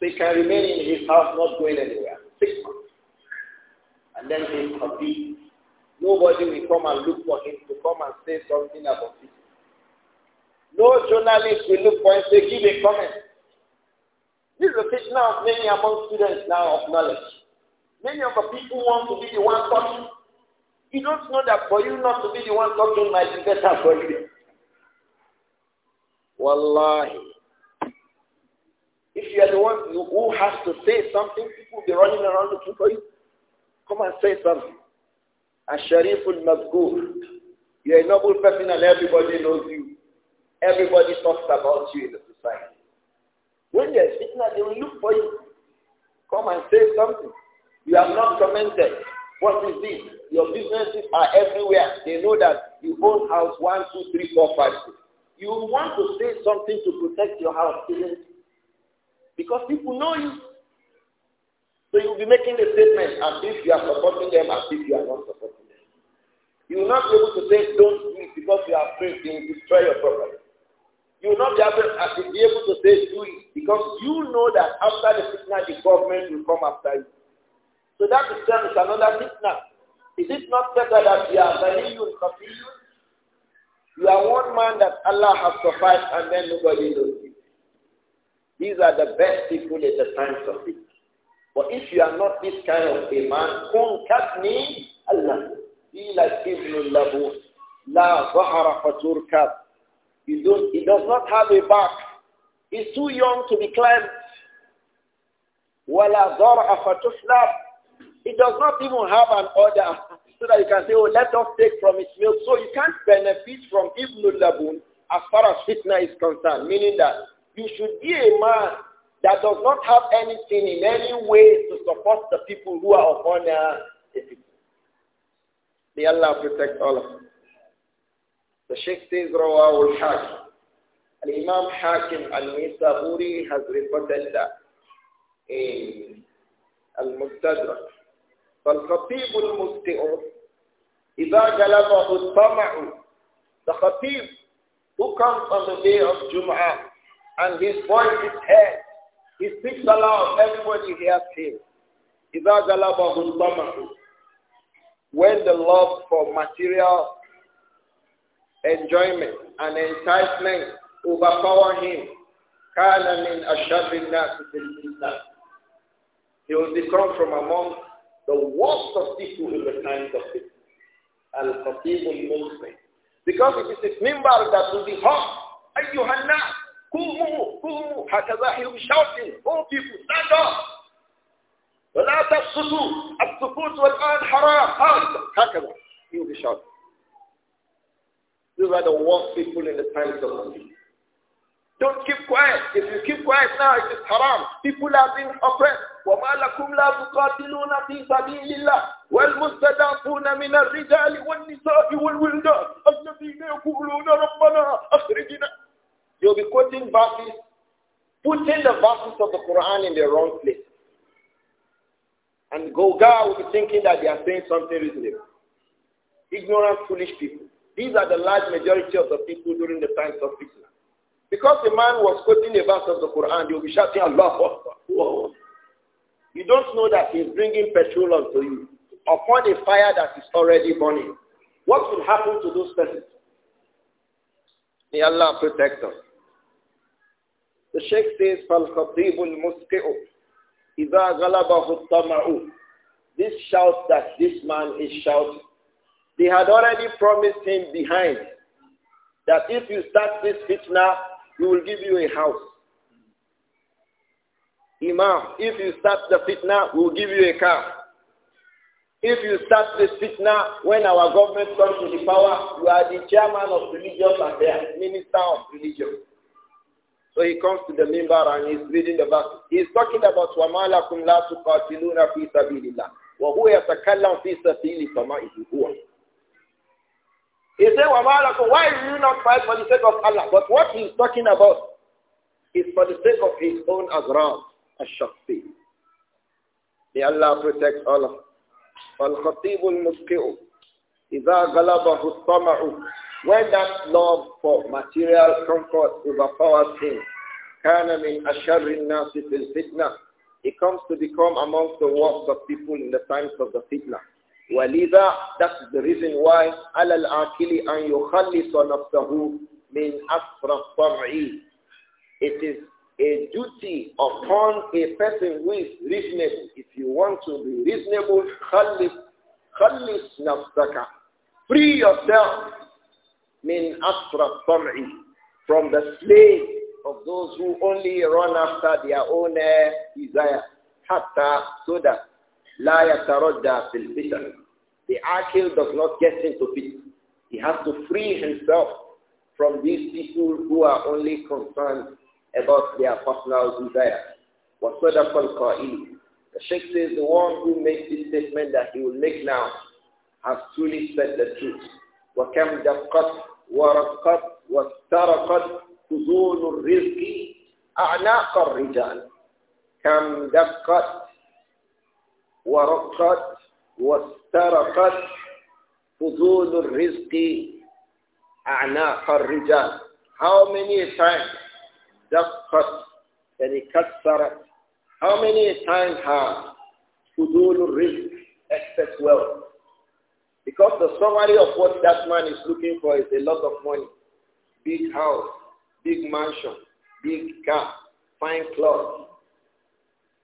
[SPEAKER 1] So he can remain in his house, not going anywhere. Six months. And then he's happy. Nobody will come and look for him to come and say something about it. No journalist will look for him to give a comment. This is the fitna of many among students now of knowledge. Many of the people want to be the one talking. You don't know that for you not to be the one talking might be better for you. Wallahi. If you are the one who has to say something, people will be running around looking for you. Come and say something. Ashariful Mazgur. You're a noble person and everybody knows you. Everybody talks about you in the society. When they're sitting there, they will look for you. Come and say something. You have not commented. What is this? Your businesses are everywhere. They know that you own house one, two, three, four, five, six. You want to say something to protect your house, isn't it? Because people know you. So you'll be making the statement as if you are supporting them, as if you are not supporting them. You will not be able to say, don't do it because you are afraid they will destroy your property. You will not be able, uh, be able to say, do it because you know that after the signal, the government will come after you. So that itself is another fitna. Is it not better that you are Ghaniyun Kafiyun? You are one man that Allah has sufficed and then nobody knows you. These are the best people at the times of it. But if you are not this kind of a man, kun katni Allah. Be like Ibn Labu. La zahara fatur He, he does not have a back. He's too young to be climbed. ولا ضرع فتسلب. It does not even have an order so that you can say, oh, let us take from its milk. So you can't benefit from Ibn Labun as far as fitna is concerned, meaning that you should be a man that does not have anything in any way to support the people who are upon uh, the May Allah protect all of us. The Sheikh says, Rawahul Hakim. and imam Hakim al-Nisaburi has reported that in Al-Mustadrak. فالخطيب المسطئ إذا جلبه الطمع The khatib who comes on the day of Jum'ah and his voice is heard, he speaks aloud, everybody hears him. إِذَا غَلَبَهُ الطَّمَعُ When the love for material enjoyment and enticement overpower him, كَانَ مِنْ أَشَرِّ النَّاسِ فِي He will become from among the worst of people in the times of fitna. Al-Qatib al-Muslim. Because it is his member that will be hot. أيها الناس قوموا قوموا هكذا he will be shouting oh people stand up ولا تسكتوا السكوت والآن حرام هكذا he will be shouting These are the worst people in the times of the don't keep quiet. If you keep quiet now, it is haram. People are being oppressed. وَمَا لَكُمْ لَا تُقَاتِلُونَ فِي سَبِيلِ اللَّهِ وَالْمُسْتَضَعْفُونَ مِنَ الرِّجَالِ وَالنِّسَاءِ وَالْوِلْدَانِ الَّذِينَ يَقُولُونَ رَبَّنَا أَخْرِجْنَا You'll be quoting verses, putting the verses of the Quran in the wrong place. And Goga will be thinking that they are saying something reasonable. Ignorant, foolish people. These are the large majority of the people during the times of Islam. Because the man was quoting a verse of the Quran, you'll be shouting Allah. You don't know that he's bringing petrol to you upon a fire that is already burning. What will happen to those persons? May Allah protect us. The Sheikh says, فَالْخَطِيبُ الْمُسْكِئُ إِذَا غَلَبَهُ الطَّمَعُ This shout that this man is shouting, they had already promised him behind that if you start this fitna, we will give you a house. Imam, if you start the fitna, we will give you a car. If you start the fitna, when our government comes to the power, you are the chairman of religious affairs, minister of religion. So he comes to the member and he's reading the verse. He's talking about wa لَكُمْ لَا تُقَاتِلُونَ fi سَبِيلِ wa huwa يَتَكَلَّمْ fi سَبِيلِ سَمَائِهِ هُوَ he said, why do you not fight for the sake of Allah? But what he's talking about is for the sake of his own azram, ash-shafi. May Allah protect all of us. Al-Khatib al-Musqi'u, إِذَا غَلَبَهُ When that love for material comfort overpowers him, كَانَ مِنْ أَشَرِّ النَّاسِ فِي He comes to become amongst the worst of people in the times of the fitnah. ولذا that's the reason why على العاقل أن يخلص نفسه من أسر الطمع It is a duty upon a person who is reasonable. If you want to be reasonable, خلص خلص نفسك Free yourself من أسر الطمع from the slave of those who only run after their own eh, desire حتى so that لا يتردى في الفتن the Akil does not get into it. He has to free himself from these people who are only concerned about their personal desire. وَصَدَقَ الْقَائِلِ The Sheikh says the one who makes this statement that he will make now has truly said the truth. وَكَمْ دَقَّتْ وَرَقَّتْ وَاسْتَرَقَتْ خُزُونُ الرِّزْقِ أَعْنَاقَ الرِّجَالِ كَمْ دَقَّتْ ورقت فضول الرزق أعناق الرجال How many times دقت يعني كسرت How many times have فضول الرزق excess wealth Because the summary of what that man is looking for is a lot of money. Big house, big mansion, big car, fine clothes,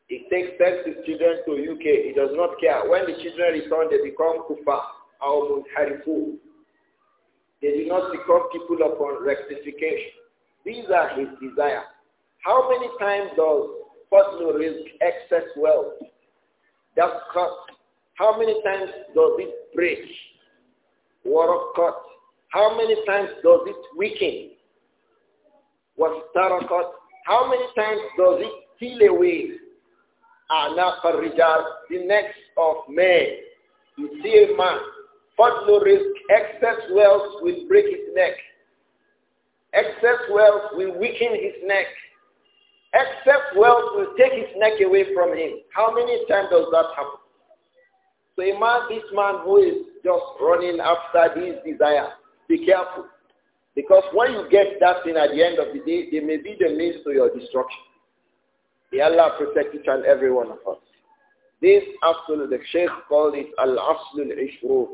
[SPEAKER 1] he takes takes his children to UK. He does not care. When the children return, they become kufa or munharifu. They do not become people upon rectification. These are his desire. How many times does personal risk excess wealth? That cut. How many times does it break? War cut. How many times does it weaken? Was cut. How many times does it steal away? أعناق الرجال the necks of men. You see a man, no risk, excess wealth will break his neck. Excess wealth will weaken his neck. Excess wealth will take his neck away from him. How many times does that happen? So a man, this man who is just running after his desire, be careful. Because when you get that thing at the end of the day, they may be the means to your destruction. May Allah protect each and every one of us. This Aslul, the Sheikh called it Al-Aslul Ishru,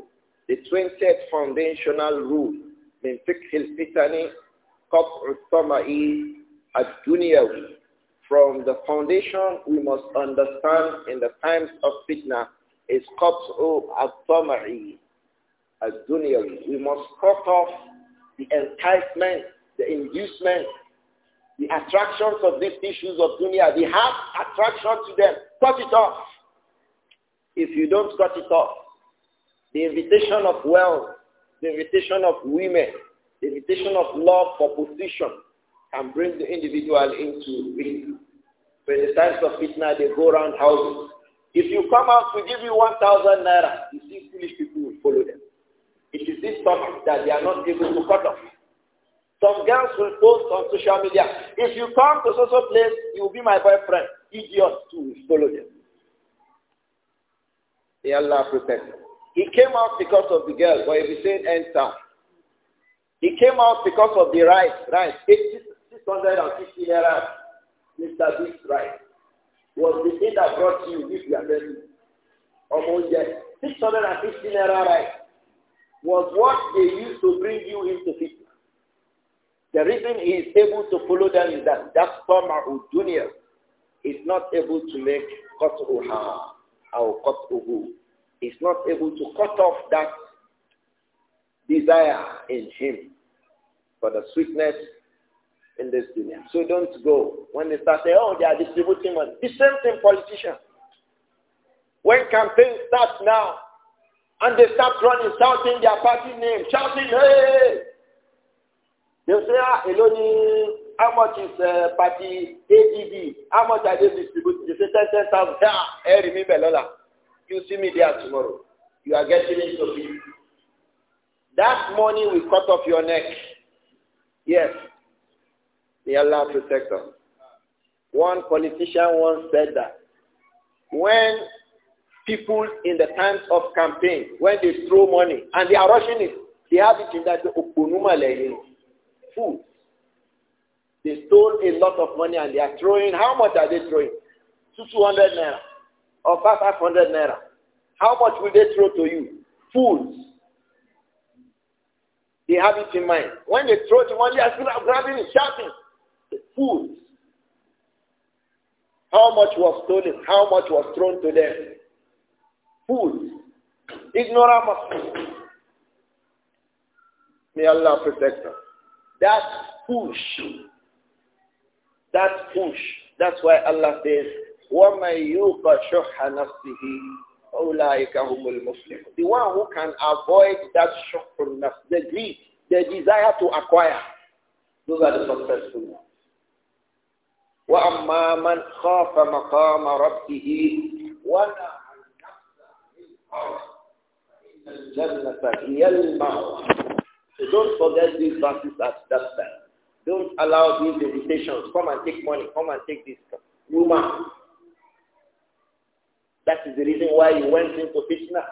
[SPEAKER 1] the 20th foundational rule من فقه الفتن قطع الطمع الدنيوي. From the foundation we must understand in the times of fitna is قطع الطمع الدنيوي. We must cut off the enticement, the inducement the attractions of these issues of dunya, they have attraction to them. Cut it off. If you don't cut it off, the invitation of wealth, the invitation of women, the invitation of love for position can bring the individual into ruin. When the times of fitna, they go around houses. If you come out to give you 1,000 naira, you see foolish people will follow them. It is this topic that they are not able to cut off. Some girls will post on social media, if you come to social place, you will be my boyfriend. Idiot to follow you. May Allah protect He came out because of the girl, but he said say enter. He came out because of the rice, rice, 650 naira, Mr. Big's rice, was the thing that brought you this Yamenu. Almost yes, 650 naira rice was what they used to bring you into fitness. The reason he is able to follow them is that that Tama'u Dunya is not able to make Qat'uha or Qat'uhu. He's not able to cut off that desire in him for the sweetness in this dunya. So don't go. When they start saying, oh, they are distributing money. The same thing politicians. When campaign starts now, and they start running, shouting their party name, shouting, hey, They say, ah, how much is uh, party ADB? How much are they distributing? They say, 10, 10,000. Ah, hey, remember, Lola, you see me there tomorrow. You are getting into me. That money will cut off your neck. Yes. May Allah protect us. One politician once said that when people in the times of campaign, when they throw money and they are rushing it, they have it in that Okunuma Lehino. fools. They stole a lot of money and they are throwing. How much are they throwing? 200 naira or 500 naira. How much will they throw to you? Fools. They have it in mind. When they throw the money, they are still grabbing it, shouting. fools. How much was stolen? How much was thrown to them? Fools. Ignorant. May Allah protect us. That push, that push, that's why Allah says, وَمَنْ يُوقَ شُحَّ نَفْسِهِ أُولَٰئِكَ هُمُ الْمُفْلِحُونَ The one who can avoid that shuhul from the greed, the desire to acquire, those are the successful ones. وأما من خاف مقام ربه ونهى النفس عن الحرم فإن الجنة هي المأوى so don't forget these verses at that time. Don't allow these invitations. Come and take money. Come and take this. Woman. That is the reason why you went into fitna.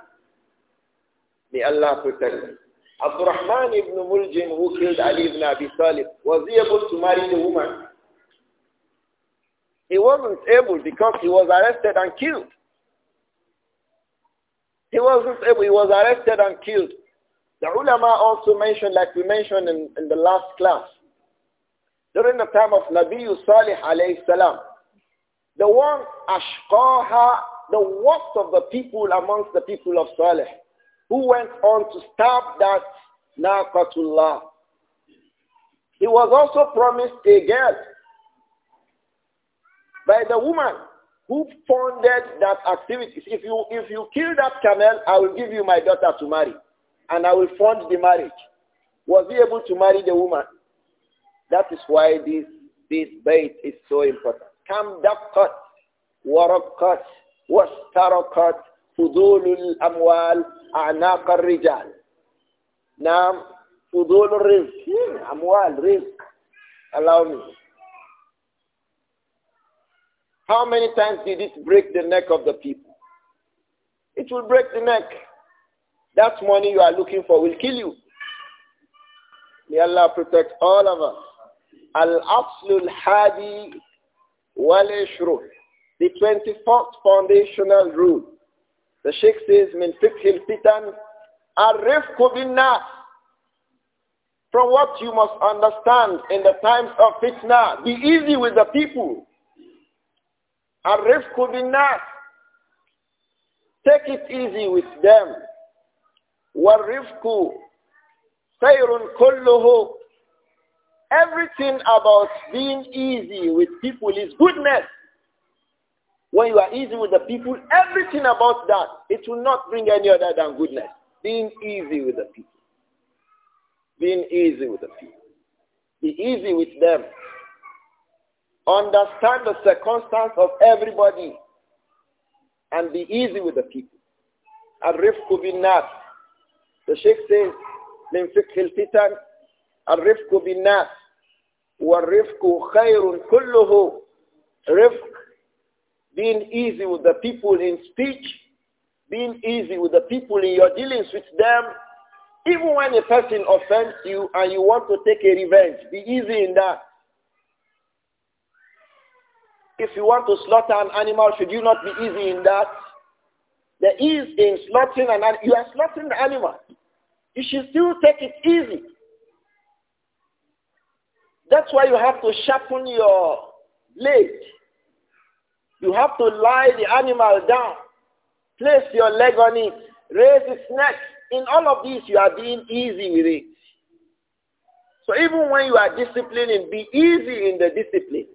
[SPEAKER 1] May Allah protect you. Abdurrahman ibn Muljim, who killed Ali ibn Abi Talib, was he able to marry the woman? He wasn't able because he was arrested and killed. He wasn't able. He was arrested and killed. The ulama also mentioned, like we mentioned in, in the last class, during the time of Nabi Salih alayhi salam, the one ashqaha, the worst of the people amongst the people of Salih, who went on to stab that naqatullah. He was also promised a girl by the woman who funded that activity. If you, if you kill that camel, I will give you my daughter to marry and I will fund the marriage. Was he able to marry the woman? That is why this, this bait is so important. Come, daqqat, waraqqat, wastaraqqat, fudulul amwal, a'naq rijal Nam, fudulul rizq, amwal, rizq. Allow me. How many times did it break the neck of the people? It will break the neck. That money you are looking for will kill you. May Allah protect all of us. Al-Aslul Hadi wal The 24th foundational rule. The Sheikh says, Min fikhil fitan arifku bin From what you must understand in the times of fitna, be easy with the people. Arifku bin Take it easy with them. وَالرِّفْقُ سَيْرٌ كُلُّهُ Everything about being easy with people is goodness. When you are easy with the people, everything about that, it will not bring any other than goodness. Being easy with the people. Being easy with the people. Be easy with them. Understand the circumstance of everybody and be easy with the people. Arifku bin Nas, the Sheikh says, من فقه الفتن الرفق بالناس والرفق خير كله رفق being easy with the people in speech being easy with the people in your dealings with them even when a person offends you and you want to take a revenge be easy in that if you want to slaughter an animal should you not be easy in that there is in slaughtering an animal. You are slaughtering the animal. You should still take it easy. That's why you have to sharpen your blade. You have to lie the animal down. Place your leg on it. Raise its neck. In all of this, you are being easy with it. So even when you are disciplining, be easy in the discipline.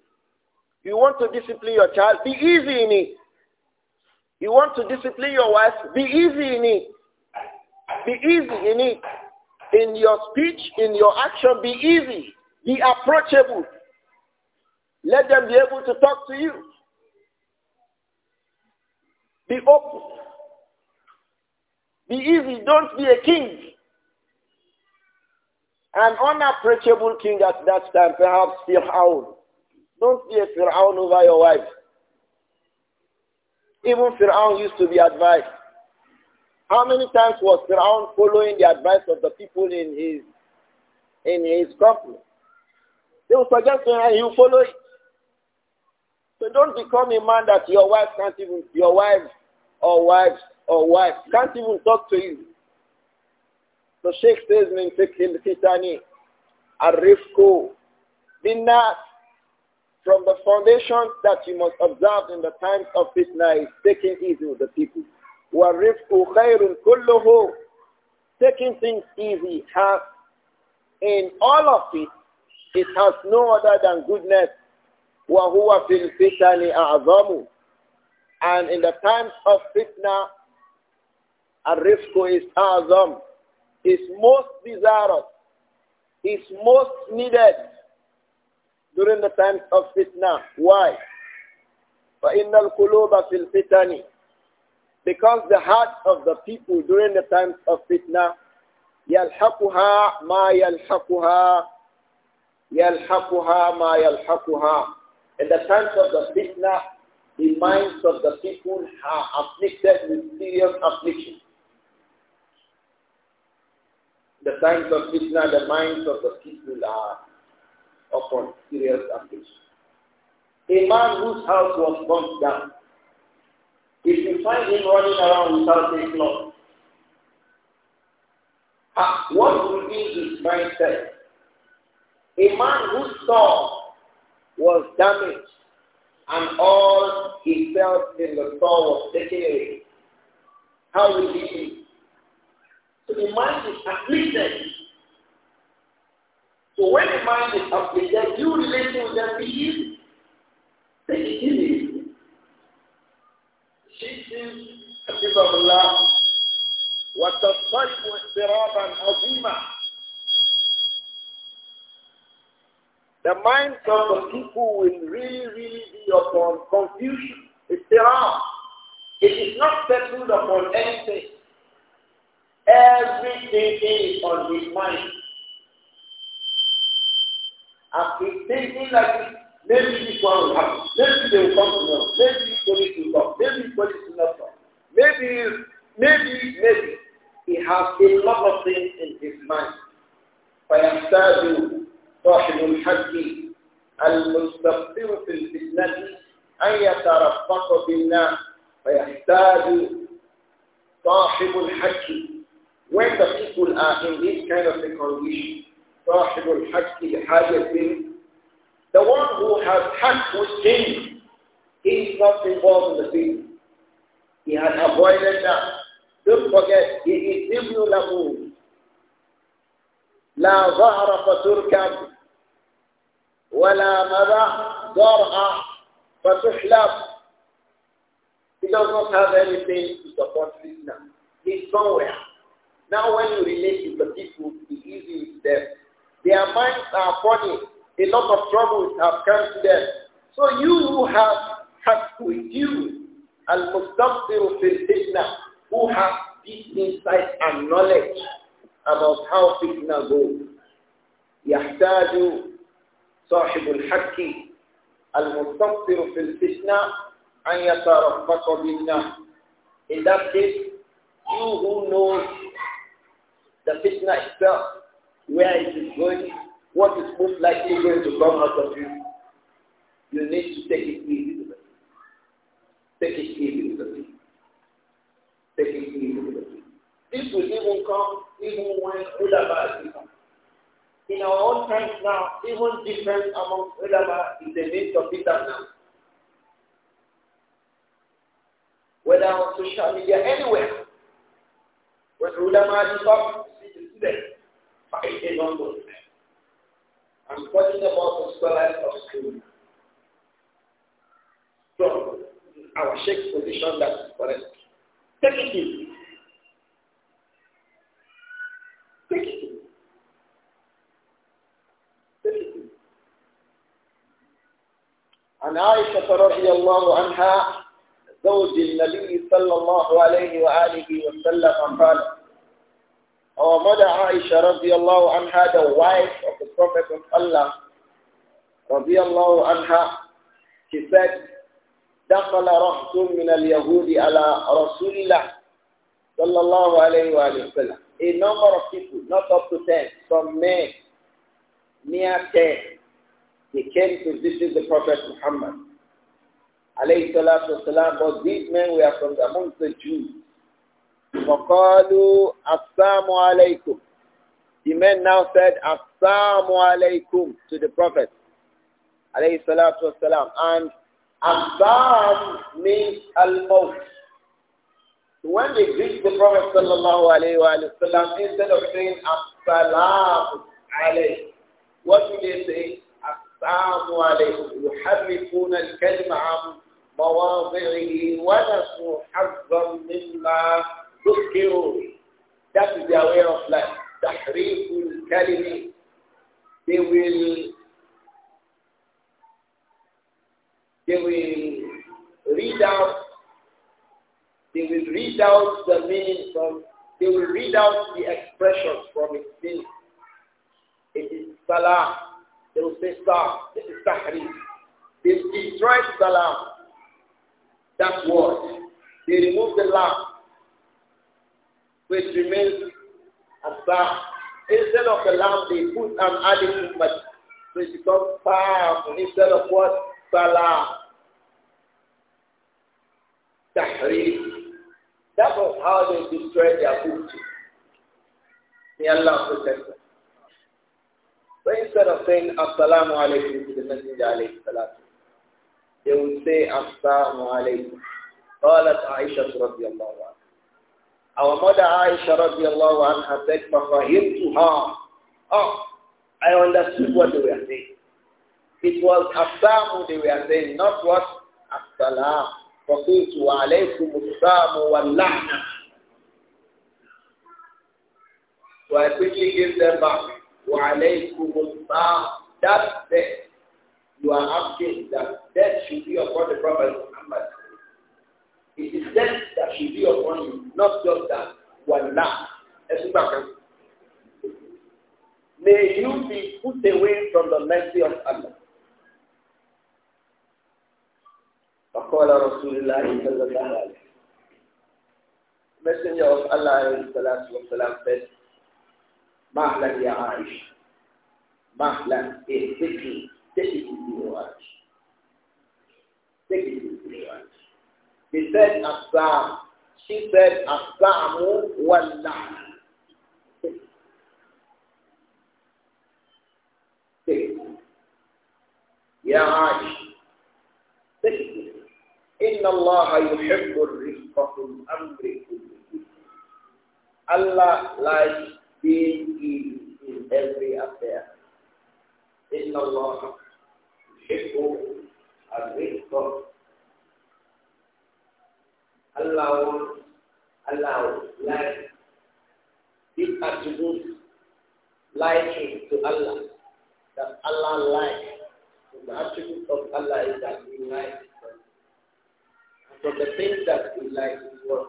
[SPEAKER 1] You want to discipline your child, be easy in it. You want to discipline your wife? Be easy in it. Be easy in it. In your speech, in your action, be easy. Be approachable. Let them be able to talk to you. Be open. Be easy. Don't be a king. An unapproachable king at that time, perhaps Fir'aun. Don't be a Fir'aun over your wife. Even Fir'aun used to be advised. How many times was Fir'aun following the advice of the people in his, in his company? They will suggest to him and you follow it. So don't become a man that your wife can't even, your wife or wives or wife can't even talk to you. So Sheikh says, من فكر Arifku الرفق from the foundations that you must observe in the times of fitna is taking easy with the people. وَالرِّفْقُ خَيْرٌ كُلُّهُ Taking things easy has, in all of it, it has no other than goodness. وَهُوَ فِي الْفِتَنِ أَعْظَمُ And in the times of fitna, الرِّفْقُ is أعظم, is most desired, is most needed during the times of fitna. Why? فَإِنَّ الْقُلُوبَ فِي الْفِتَنِ Because the heart of the people during the times of fitna, يَلْحَقُهَا مَا يَلْحَقُهَا يَلْحَقُهَا مَا يَلْحَقُهَا In the times of the fitna, the minds of the people are afflicted with serious affliction. The times of fitna, the minds of the people are upon serious affliction. A man whose house was burnt down, if you find him running around without a cloth, what will be his mindset? A man whose store was damaged and all he felt in the store was taken away, how will he be? So the mind is afflicted so when the mind is updated, you relation with them begins sensitivity. She sees حفظه الله the اضطرابا عظيما The minds of the people will really, really be upon confusion. It's around. It is not settled upon anything. Everything is on his mind and be thinking like maybe this one will happen, maybe they will come to know, maybe police will come, maybe police will not come, maybe, maybe, maybe. He has a lot of things in his mind. فيحتاج صاحب الحق المستقر في الفتنة أن يترفق بالناس فيحتاج صاحب الحق when the people are in this kind of a condition صاحب الحق The one who has hacked with him, he is not involved in the sin. He has avoided that. Don't forget, he is Ibn Lamu. لا ظهر فتركب ولا مدى ضرع فتحلب He does not have anything to support He He's somewhere. Now when you relate to the people, it's easy with them. Their minds are funny. A lot of troubles have come to them. So you who have have with you al-mustamsiru fitna, who have deep insight and knowledge about how fitna goes. يحتاج صاحب الحق المستنصر في الفتنة أن يترفق بالله. In that case, you who knows the fitna itself, where it is going, what is most likely going to come out of you, you need to take it easy with it. Take it easy with it. Take it easy with it. This will even come even when ulama is In our own times now, even difference among ulama is the midst of it now. Whether on social media, anywhere. When ulama is up, see the students fighting on those I'm talking about the scholars of school. So, our Sheikh's position that is correct. Take it Take it Take it in. عن عائشة رضي الله زوج النبي صلى الله عليه وآله وسلم قال our mother Aisha radiallahu anha, the wife of the Prophet of Allah, radiallahu anha, she said, دخل رهط من اليهود على رسول الله صلى الله عليه وآله وسلم. A number of people, not up to 10, some men, near 10, they came to visit the Prophet Muhammad alayhi salatu wasalam, but these men were from among the Jews. فَقَالُوا السَّلَامُ عَلَيْكُمْ The men now said, Assalamu alaikum to the Prophet. Alayhi salatu wasalam. And Assam means al So when they greet the Prophet sallallahu alayhi wa sallam, instead of saying Assalam alaykum, what do they say? Assalamu alaykum. يحرفون الكلمة عن مواضعه ونسوا حظا مما Tufkiru. That is their way of life. Tahriful kalimi. They will they will read out they will read out the meaning from they will read out the expressions from its meaning. It is salah. They will say salah. This is tahrim. They destroyed salah. That word. They remove the lamb which remains as far. Instead of the lamb, they put an animal, but so becomes farm instead of what? Salah. Tahrir. That was how they destroyed their booty. May Allah protect them. So instead of saying Assalamu alaikum to the Messenger alayhi salatu, they would say Assalamu alaikum. قالت عائشة رضي الله our mother Aisha radiallahu anha said, فَفَهِمْتُهَا Oh, I understood what they were saying. It was Assamu they were saying, not what? Assalam. فَقُلْتُ وَعَلَيْكُمُ wa وَاللَّعْنَةِ So I quickly give them back. وَعَلَيْكُمُ السَّامُ That's death. You are asking that death should be upon the Prophet it is death that should be upon you, not just that. Wallah. May you be put away from the mercy of Allah. فقال رسول الله صلى الله عليه وسلم Messenger of Allah والسلام, said, Mahlan ya Aish. Mahlan is eh, taking, take it into your heart. Take it into your He said Assam. She said Assamu Wallah. Six. Six. يا عائشة سكت إن الله يحب الرفق في الأمر كله Allah likes being easy in every affair. إن الله يحب الرفق Allah allows life, these attributes liking to Allah, that Allah likes. So the attribute of Allah is that He likes. And the things that He likes is what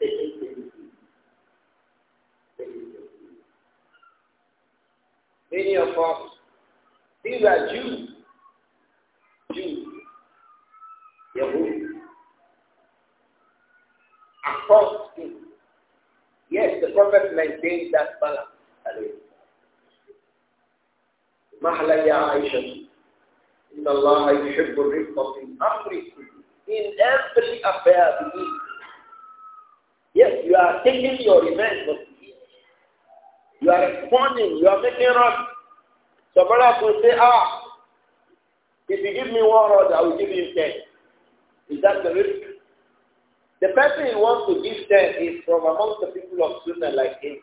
[SPEAKER 1] taking things Many of us, these are Jews, Jews, Yahudi, across him, Yes, the Prophet maintained that balance. مهلا يا عائشة إن الله يحب الرفق في أمره in every affair Yes, you are taking your revenge, you are responding, you are making up. So brothers will say, ah, if you give me one order, I will give you ten. Is that the risk? The person he wants to give them is from amongst the people of Sunnah like him.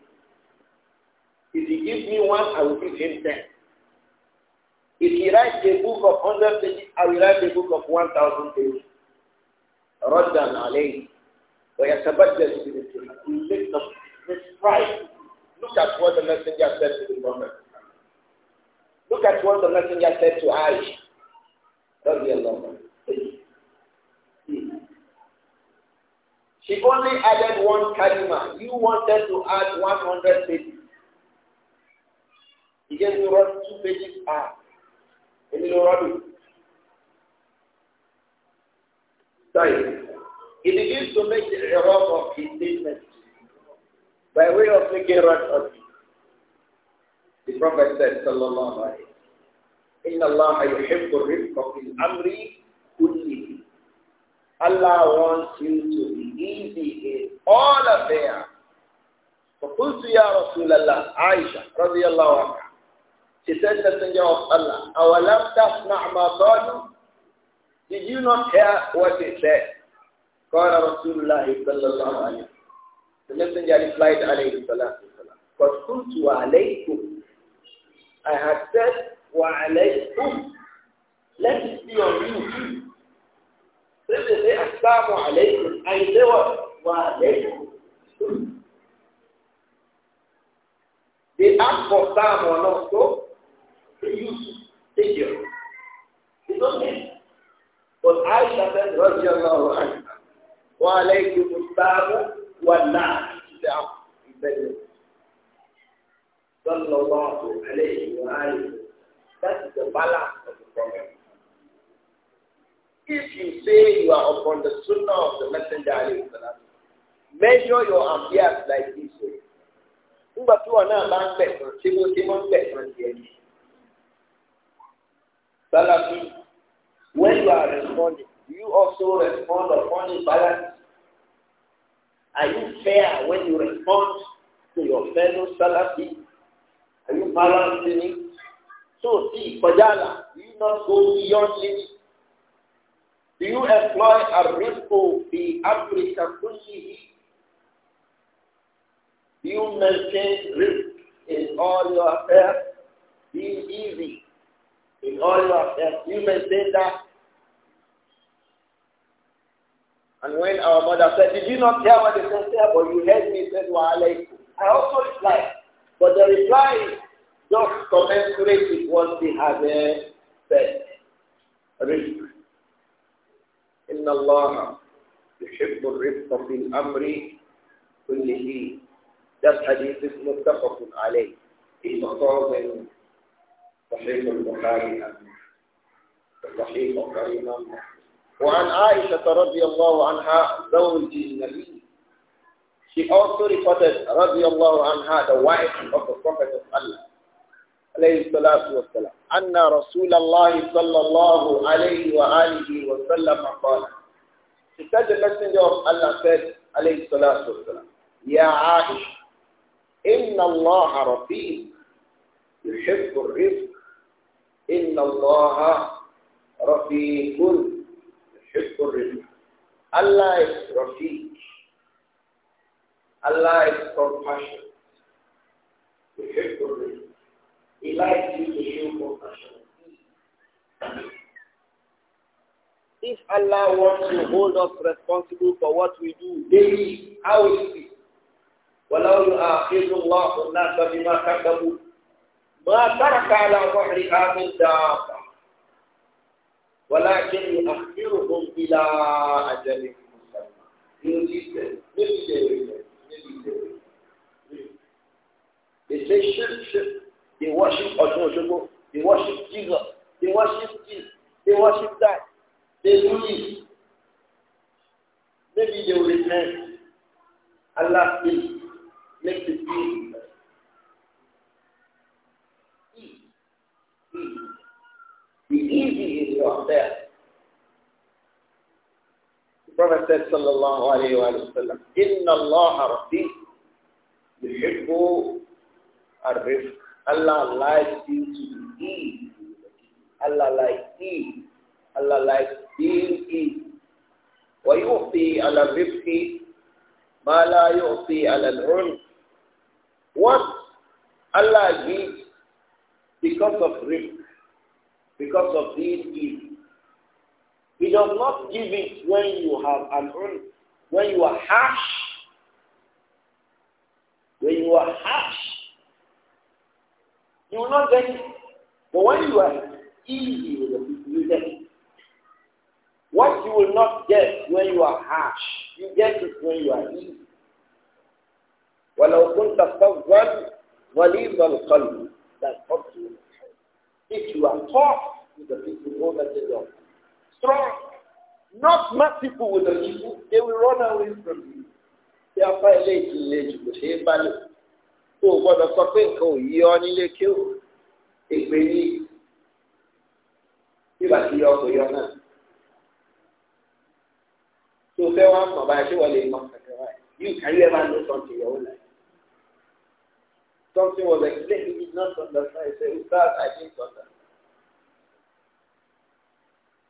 [SPEAKER 1] If he gives me one, I will give him ten. If he writes a book of 100 pages, I will write a book of 1,000 pages. ردا عليه ويتبدل بمثله. We make the misprice. Look at what the messenger said to the Prophet. Look at what the messenger said to Aisha. رضي الله عنه. He only added one kalima. You wanted to add 100 pages. He gave you wrote two pages are. Ah. And you wrote Sorry. He begins to make the error of his statement by way of making rod of it. The Prophet said, Sallallahu Alaihi Wasallam, إِنَّ اللَّهَ يُحِبُّ الرِّفْقَ فِي الْأَمْرِ Allah wants you to be easy in all affairs. فقلت يا رسول الله عائشة رضي الله عنها She said, Messenger of Allah, "Our تَسْمَعْ مَا قَالُوا Did you not hear what he said? قال رسول الله صلى الله عليه The messenger replied عليه الصلاة والسلام قد كنت وعليكم I had said وعليكم Let it be on you sai da sai assalamu alaikum ai sai wa wa alaikum they ask for time or not so they use take care it's okay but Aisha said رضي الله عنها وعليكم السلام والنعم صلى الله عليه وآله That is the balance of the problem. If you say you are upon the sunnah of the messenger, measure your ambias like this way. Nígbà tí wọn náà bá Timon, Timon, fún tí when you are responding, you also respond upon the balance. Are you fair when you respond to your fellow Salafi? Are you balancing it? So see, Fajala, do you not go beyond this. Do you employ الرزق في أمرك كله? Do you maintain risk in all your affairs? Be easy in all your affairs. Do you maintain that? And when our mother said, Did you not hear what they said there? But you heard me said, Wa I also replied. But the reply is just commensurate with what they have eh, said. Risk. إن الله يحب الرفق في الأمر كله ده الحديث متفق عليه مقام صحيح البخاري صحيح كريم وعن عائشة رضي الله عنها زوج النبي She also reported رضي الله عنها the wife of the Prophet of Allah عليه الصلاة والسلام أن رسول الله صلى الله عليه وآله وسلم قال He said the messenger of Allah said, alayhi salatu wasalam, Ya Aish, inna Allah rafiq, yuhibbu rizq, inna Allah rafiqun, yuhibbu rizq. Allah is rafiq. Allah is compassionate. Yuhibbu rizq. He likes you to show compassion. If Allah wants to hold us responsible for what we do daily, how is it ولو يؤاخذ الله الناس بما كسبوا ما ترك على ظهرها من دابة ولكن يؤخرهم إلى أجل مسمى. They worship Oshun They worship Jesus. this. They worship that. They Maybe they will repent. Allah please makes it easy. The easy is your affair. The Prophet said, sallallahu alaihi wasallam. Inna Allah اللَّهَ رَفِيقٌ يُحِبُّ الرِّفْقِ Allah likes you to be easy. Allah likes ease. Allah likes بالدين ويعطي على الرفق ما لا يعطي على العنف What Allah gives because of rifq, because of deen is He does not give it when you have an unf, when you are harsh. When you are harsh, you will not get it. But when you are easy with the people, you get it. What you will not get when you are harsh, you get it when you are easy. وَلَوْ كُنْتَ فَضًّا غَلِيظَ الْقَلْبِ That's up to you. If you are tough with the people, go that they don't. strong, not people with the people, they will run away from you. They are violating religion, but they value. tó o gbọ́dọ̀ sọ pé nǹkan ò yí ọ nílé kí o èpè nile You are bàtí yọ tó fẹ́ wá mọ̀ báyìí ṣé wọ́n mọ̀ kankan báyìí you can you ever know something in your own life something was explained he did not understand you say ustaz I didn't understand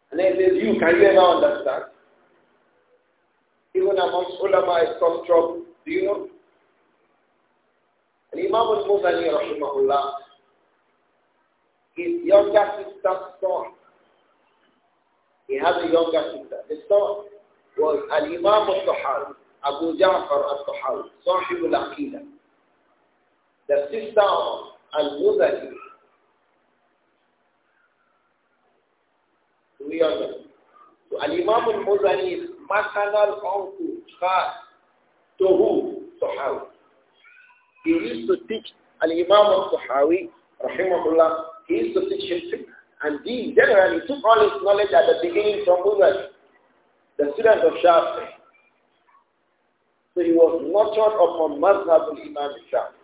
[SPEAKER 1] and then he says you can you ever understand even amongst ulama is some trouble do you know and Imam al-Muzani rahimahullah his younger sister's son he has a younger sister the son was Al-Imam al-Tahawi, Abu Ja'far the sister of Al-Muzani. Do So Al-Imam al-Muzani is maternal uncle, who? He used to teach Al-Imam al tuhawi rahimahullah, he used to teach him and he generally took all his knowledge at the beginning from him the student of Shafi. So he was nurtured upon Mazhab al-Imam Shafi.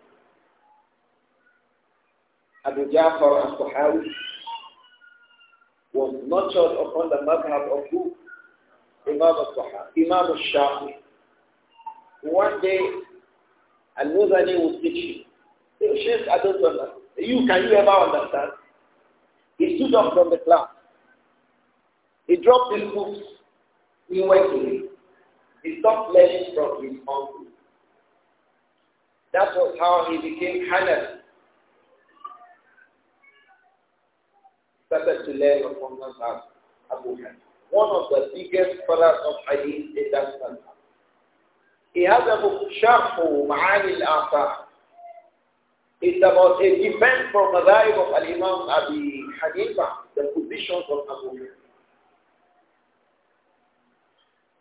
[SPEAKER 1] Abu Ja'far al-Sahawi was nurtured upon the Mazhab of who? Imam al-Sahawi, Imam al-Shafi. One day, Al-Muzani would teach him. Sheikh, I don't understand. You, can you ever understand? He stood up from the class. He dropped his books he went to him. He stopped learning from his uncle. That was how he became Hanan. Started to learn from Mazhab Abu Hanif. One of the biggest scholars of Hadith in that Mazhab. He has a book, Sharh Ma'ani al-Afar. It's about a defense from the life of Al-Imam Abi Hanifa, the positions of Abu Hanif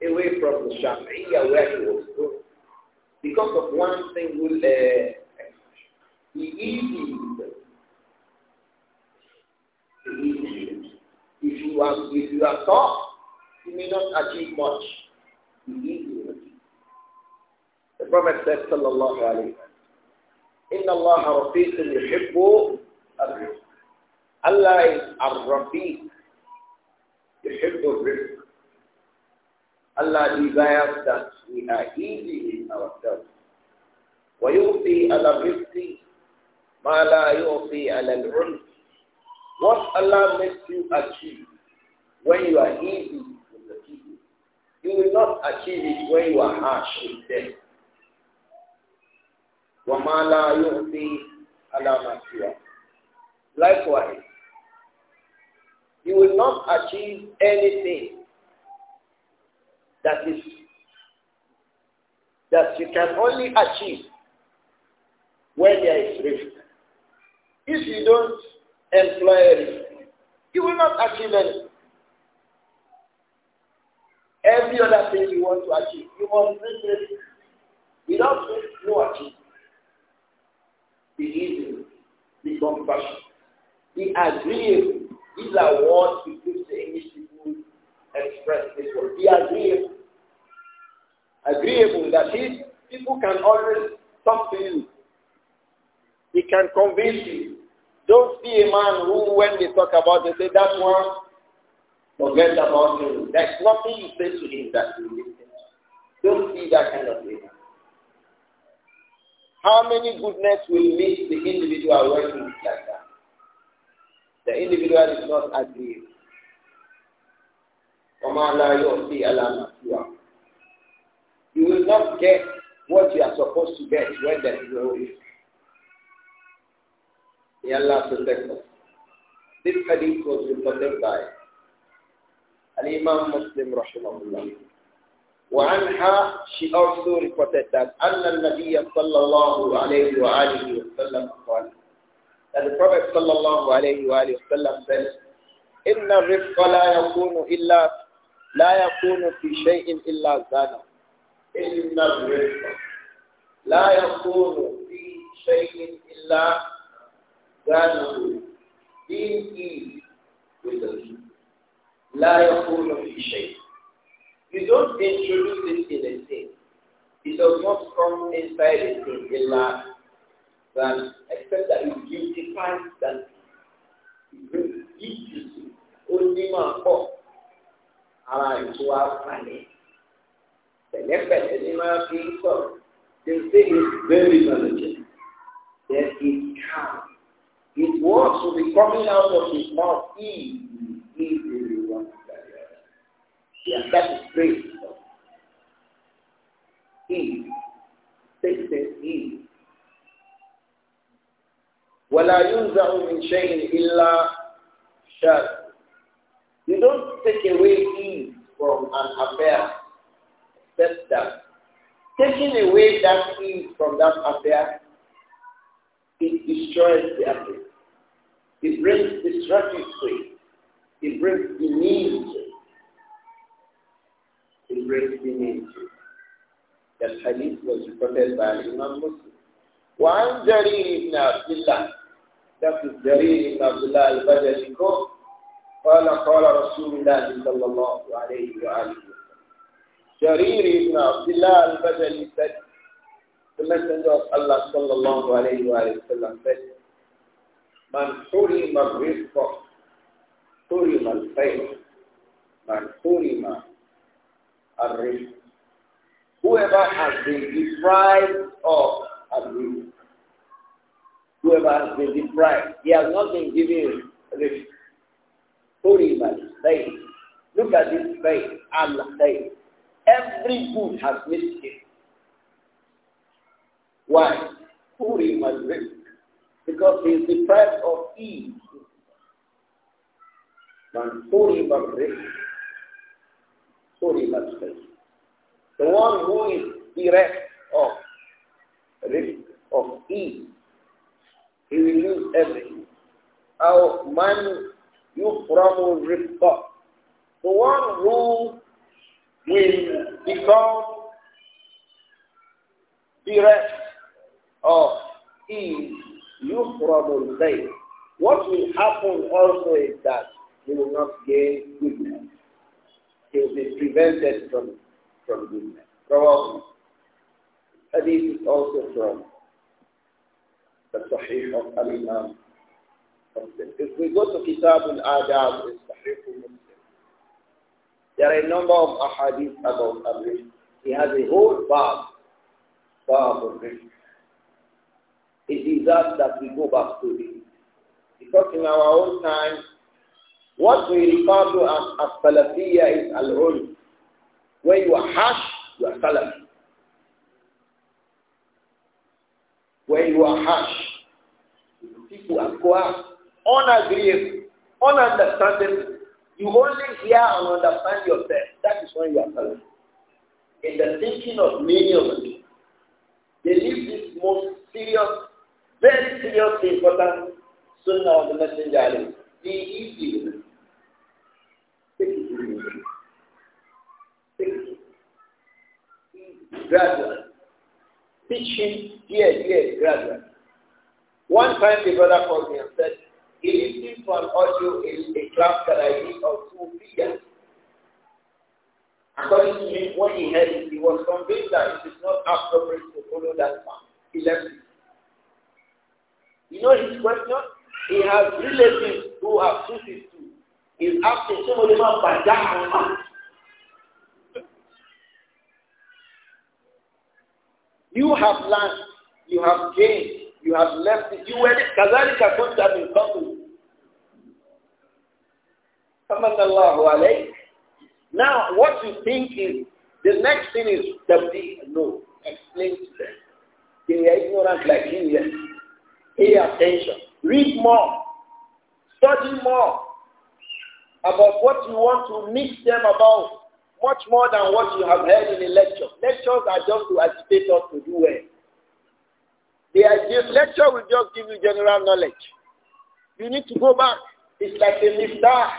[SPEAKER 1] away from the Shafi'iyah where he was going because of one single uh, expression. He is if you are if you are tough, you may not achieve much. The Prophet said, Sallallahu Alaihi Inna Allah Rafiqun yuhibbu Allah is a Rafiq, yuhibbu Rifq. Allah desires that we are easy in ourselves. وَيُعْطِي عَلَى الرِّزْقِ مَا لَا عَلَى الْعُنْفِ What Allah makes you achieve when you are easy in the people, you will not achieve it when you are harsh with them. وَمَا لَا عَلَى Likewise, you will not achieve anything that is that you can only achieve when there is risk. If you don't employ risk, you will not achieve any. Every other thing you want to achieve, you must bring risk. Without risk, no achievement. The easy, the compassion, the agreeable. These are words with which the English people express this word. The agreeable agreeable. he, people can always talk to you. He can convince you. Don't be a man who, when they talk about, they say that one, forget about him. There's nothing you say to him that you listen. Don't be that kind of man. How many goodness will meet the individual when he is like that? The individual is not agreeable. وما will not get what you are supposed to get when there is no issue. May Allah protect us. This hadith was reported by Al-Imam Muslim rahimahullah. وعنها she also reported that أن النبي صلى الله عليه وآله وسلم قال that the Prophet صلى الله عليه وآله وسلم said إن الرفق لا يكون إلا لا يكون في شيء إلا زانه إلا الرفق
[SPEAKER 2] لا يكون
[SPEAKER 1] في شيء إلا كانه being with us. لا يكون في شيء You don't introduce it in a thing. It does not come inside a thing, إلا than except that it beautifies that it brings beauty only man up. Ara ètò àfààní. pẹ̀lẹ́pẹ̀lẹ́ ní máa fi ń sọ̀rọ̀ the thing is very knowledgeable then it can it works will be coming out of his mouth easily easily one after the other that is praise ease take the ease. ولا ينزع من شيء إلا شر. You don't take away ease from an affair that Taking away that thing from that affair, it destroys the affair. It brings destruction to it. It brings the need it. brings the need to That hadith was reported by Imam Muslim. وعن جرير بن عبد الله لفظ جرير بن عبد الله البجلي قال قال رسول الله صلى الله عليه وآله Jarir ibn Abdullah al said, the Messenger of Allah sallallahu alayhi wa sallam said, Man hurima rizqa, hurima al-fayr, man hurima al-rizq. Whoever has been deprived of a whoever has been deprived, he has not been given rizq. Hurima al-fayr. Look at this faith, al-fayr. Every good has missed him. Why? Purim must risk. Because he is deprived of ease. Man Purim must risk. Purim must risk. The one who is bereft of risk, of ease, he will lose everything. Our man, you from risk. The one who will become bereft of his yuframul day. What will happen also is that he will not gain goodness. He will be prevented from, from goodness. Probably. Hadith is also from the Sahih of Al-Imam. If we go to Kitab al-Adab, it's Sahih al there are a number of ahadith about Abrid. He has a whole bar, bar of Abrid. It deserves that we go back to this. Because in our own time, what we refer to as as is al-ulm. When you are harsh, you are salafi. When you are harsh, people are coarse, unagreeable, ununderstandable. You only hear and understand yourself. That is when you are silent. In the thinking of many of you, they leave this most serious, very serious, important sunnah of the messenger. Be easy with it. Take it Take Gradually. Teach him, yes, yes, gradually. One time the brother called me and said, one audio is a class that I did of Sophia. According to him, he heard he was convinced that it is not appropriate to follow that path. He left it. You know his question? He has relatives who have Sufis to. He's asking somebody that Bajah You have learned, you have gained, you have left it. You were كذلك كنت in قبل now, what you think is, the next thing is the big no. Explain to them. They are ignorant like you, yes. Pay attention. Read more. Study more about what you want to mix them about much more than what you have heard in a lecture. Lectures are just to agitate us to do well. The lecture will just give you general knowledge. You need to go back. It's like a miftah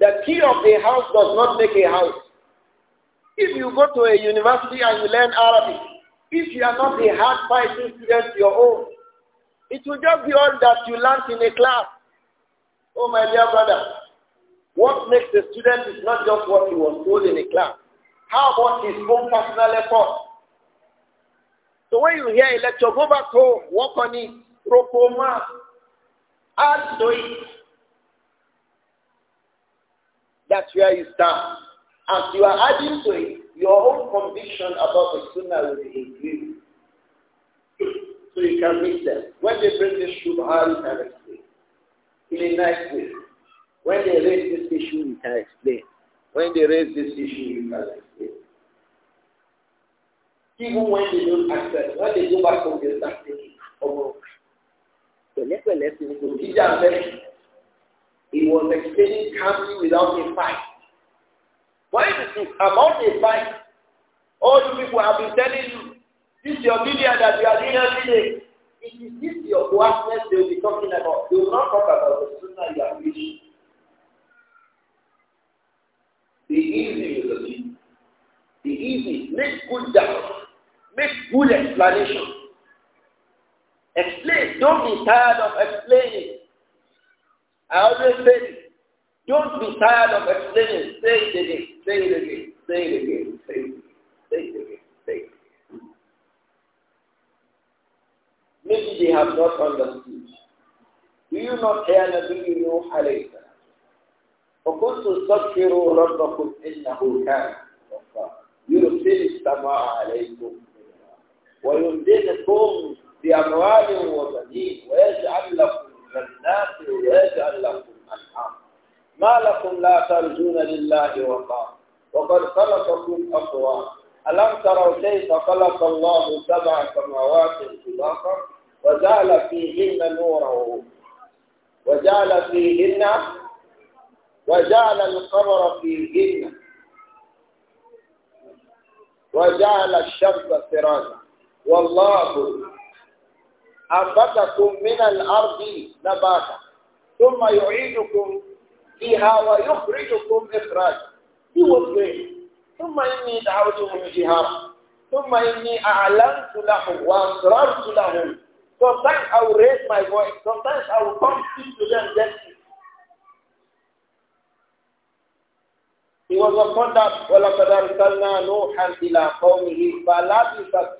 [SPEAKER 1] the key of a house does not make a house. If you go to a university and you learn Arabic, if you are not a hard-fighting student your own, it will just be all that you learned in a class. Oh, my dear brother, what makes a student is not just what he was told in a class. How about his own personal effort? So when you hear a lecture, go back home, work on it, propose, add to it. That's where you stand. As you are adding to it, your own conviction about the sunnah will be increased. So you can meet them. When they bring this shubha, you can explain. In a nice way. When they raise this issue, you can explain. When they raise this issue, you can explain. Even when they don't accept, when they go back home, they start thinking, oh, pẹ̀lẹ́pẹ̀lẹ́ sí ni kò jíjà He was explaining calmly without a fight. Why is it about a fight? All you people have been telling you, this is your media that you are doing every day. It is this your blackness they will be talking about. They will not talk about the sunnah you are preaching. Be easy is the The easy. Make good doubt. Make good explanation. Explain. Don't be tired of explaining. I always say Don't be tired of explaining. Say it again. Say it again. Say it again. Say it again. Say it again. Say it again. Maybe they have not understood. Do you not hear Nabi Nuh alayhi وكنتم استغفروا ربكم انه كان يرسل السماء عليكم ويمددكم باموال وبنين ويجعل لكم الناس ويجعل لكم أنعام ما لكم لا ترجون لله وقار وقد خلقكم أقوام ألم تروا كيف خلق الله سبع سماوات سباقا وجعل فيهن نوره وجعل فيهن وجعل القمر فيهن وجعل الشمس سراجا والله أنبتكم من الأرض نباتا ثم يعيدكم فيها ويخرجكم إخراجا He was ثم إني دعوتهم جهارا ثم إني أعلنت لهم وأسررت لهم Sometimes I will raise my voice. Sometimes I will come speak to them gently. He was that وَلَقَدْ أَرْسَلْنَا نُوحًا إِلَىٰ قَوْمِهِ إِلَّا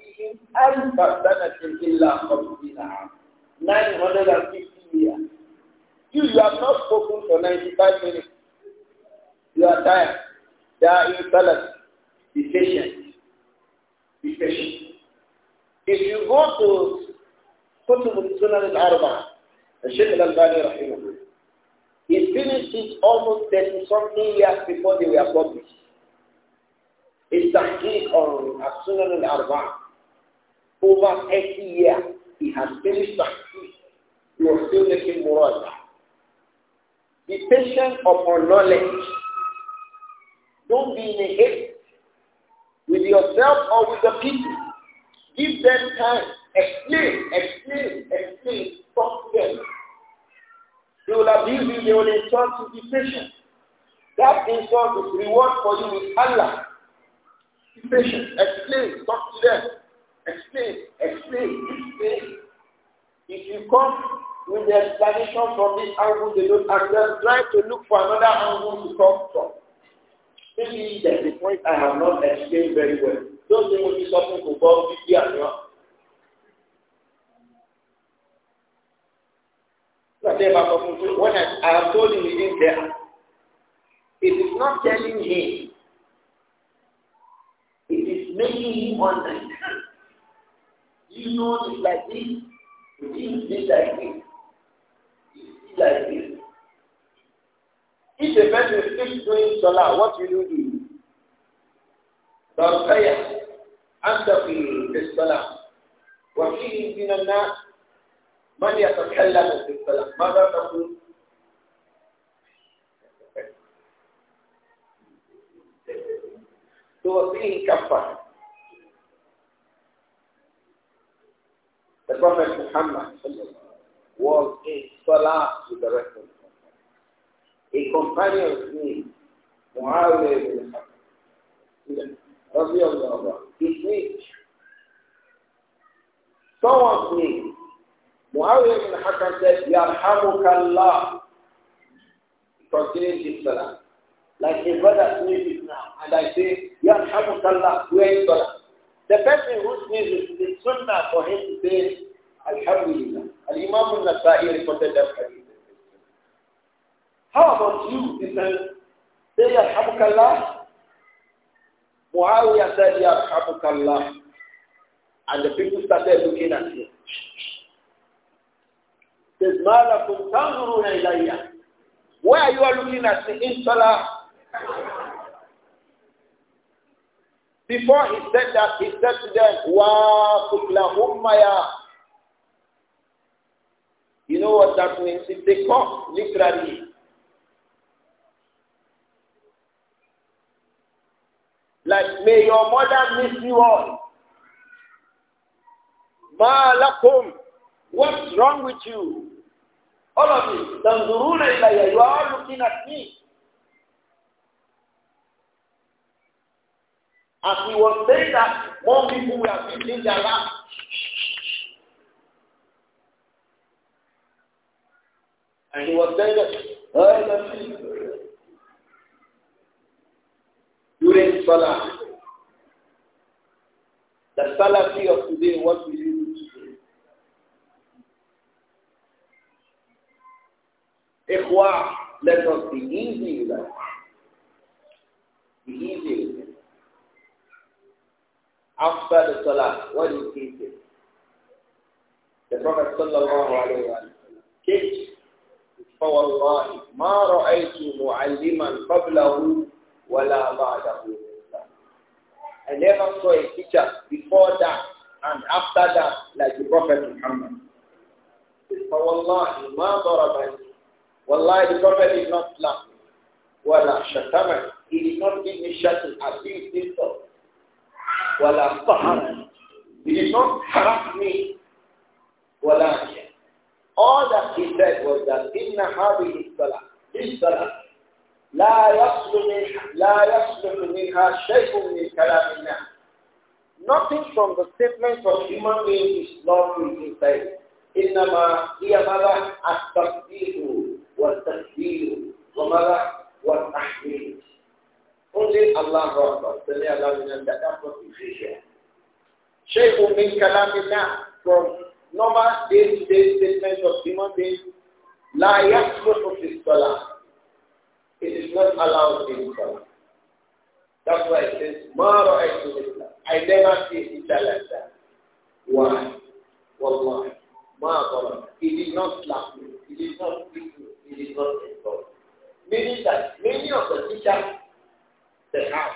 [SPEAKER 1] 950 years. You, you have not spoken for 95 minutes. You are tired. They are insolent. Be patient. Be patient. If you go to Kutub al-Sunan al-Arba, Sheikh al-Albani finished it almost 30 something years before they were published. It's a gig on Sunan al Arba. Over 80 years, he has finished that. He was still making more of that. Be patient upon knowledge. Don't be in a haste with yourself or with the people. Give them time. Explain, explain, explain. Talk to them. They will abuse you. They will insult you. Be patient. That insult is reward for you with Allah. Be patient. Explain. Talk to them. Explain. Explain. Explain. If you come with the explanation from this angle, they don't understand. try to look for another angle to come from. Maybe there's a point I have not explained very well. Those things will be something to 50 and What I, I have told him he didn't tell. It is not telling him. It is making him wonder. You know it's like this. You see like this. You see like this. If a person is doing salah, what will you do? The prayer. أنت في الصلاة وفيه من الناس من يتكلم في السلام ماذا تقول توصيه كفر The Prophet Muhammad was in Salah to the rest of the A companion me, Muhammad ibn Hakam, Rabbi Allah, preached. Some of me, Muawiyah bin Hakam said, Yarhamukallah. Continue his salah. Like a brother sneezes now, and I say, Yarhamukallah, where is salah? The person who sneezes, is sunnah for him to say, Alhamdulillah. Al-Imam al-Nasai reported that hadith. How about you? He says, say, Yarhamukallah. Muawiyah said, Yarhamukallah. And the people started looking at him. says, Malakum tanzuruna ilayya. Why are you looking at me in Salah? Before he said that, he said to them, Wa kuklahumma You know what that means? If they come, literally, like may your mother miss you all. Malakum, what's wrong with you? ọlọ́mi tàǹdùrú rẹ̀ ìlàyà yọ ọ́lùkínà sí. As we were saying that more people were building their land. And he was saying that, oh, during Salah, the Salafi of today, what will do? Ikhwah, let us be easy with them. Be easy with them. After the salah, what is easy? The Prophet sallallahu alayhi wa sallam teach, فوالله ما رأيت معلما قبله ولا بعده I never saw a teacher before that and after that like the Prophet Muhammad. فوالله ما ضربني Wallahi, the Prophet did not laugh. Wala shatama. He did not give me shatu, abuse, insult. Wala sahara. He did not harass me. Wallah, All that he said was that, Inna hadihi salah. This salah. لا يصلح لا يصلح منها شيء من كلام الناس. Nothing from the statement of human beings is lawful inside. إنما هي ماذا؟ التصديق والتكبير وماذا والتحميد Only الله Akbar. Sami Allah liman that's what we see من Shaykh min kalamina from normal day-to-day statements of human beings, la yasluhu fi salah. It is not allowed in salah. That's why it says, ma ra'aytu mithla. I never see it like that. Why? Wallahi. Ma It did not slap me. It did not beat me it is not involved. Meaning that many of the teachers that have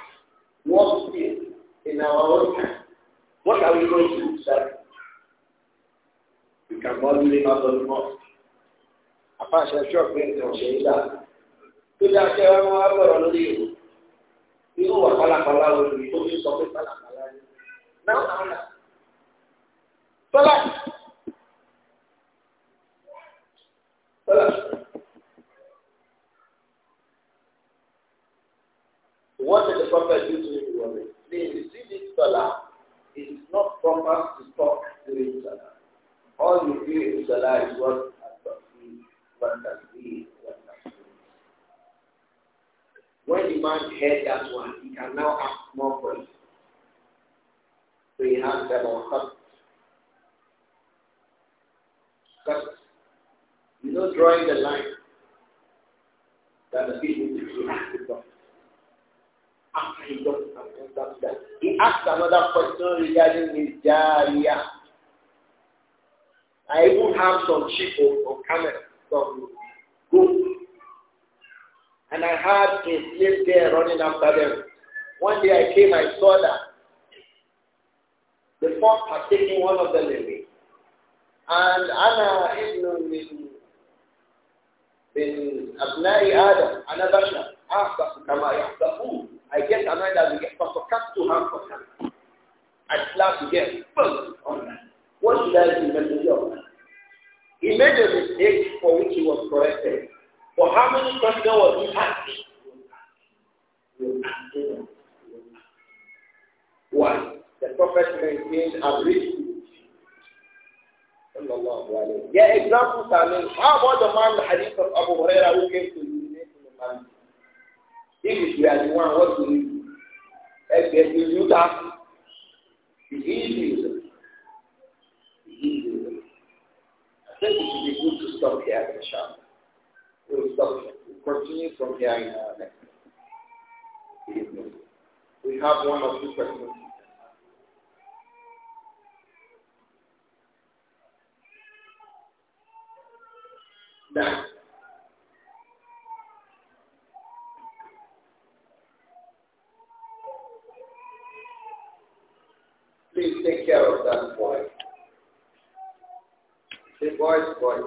[SPEAKER 1] work still in our own time, what are we going to do, sir? We can only live out of the mosque. Apart from sure things on Shaila. Tó dáa ṣe wá wá bọ̀rọ̀ lórí ìlú. Irú wà pálapàla wo ni tó fi sọ pé pálapàla ni? Náà àwọn àlà. Tọ́lá What did the Prophet do to him? He was explained. see, this salah It's not proper to talk during salah. All you do in salah is what what what when the man heard that one, he can now ask more questions. So he has them on cut. Cut. You know, drawing the line that the people do to ask the after he got that. He asked another question regarding his diarrhea. I even have some sheep or camel, some goats. And I had a slave there running after them. One day I came, I saw that the fox had taken one of them away. And Anna ibn bin, bin Abnai Adam, another asked us to come out after food. I get annoyed that we get Pastor Cat to hand for hand. I slap again. What should I do messenger of that? He made a mistake for which he was corrected. For how many questions was he asking? Why? The prophet maintained a rich yeah, examples are named. How about the man, the hadith of Abu Huraira, who came to the in the family? If you are the one, what will we do? Let's get the new task. The easy The easy I think it would be good to stop here, inshallah. We'll stop here. We'll continue from here in our uh, next evening. We have one or two questions. Now, Please take care of that boy. The boy's boy.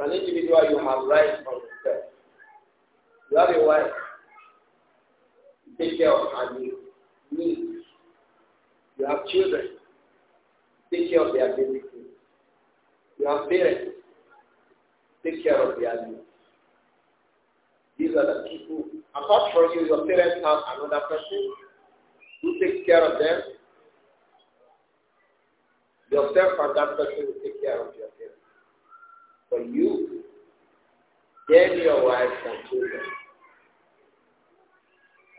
[SPEAKER 1] As an individual, you have rights on yourself. You have a wife. You take care of her needs. You have children. Take care of their needs. You have parents. Take care of their needs. These are the people. Apart from you, your parents have another person who takes care of them. Yourself and that person for you, then your wife and children.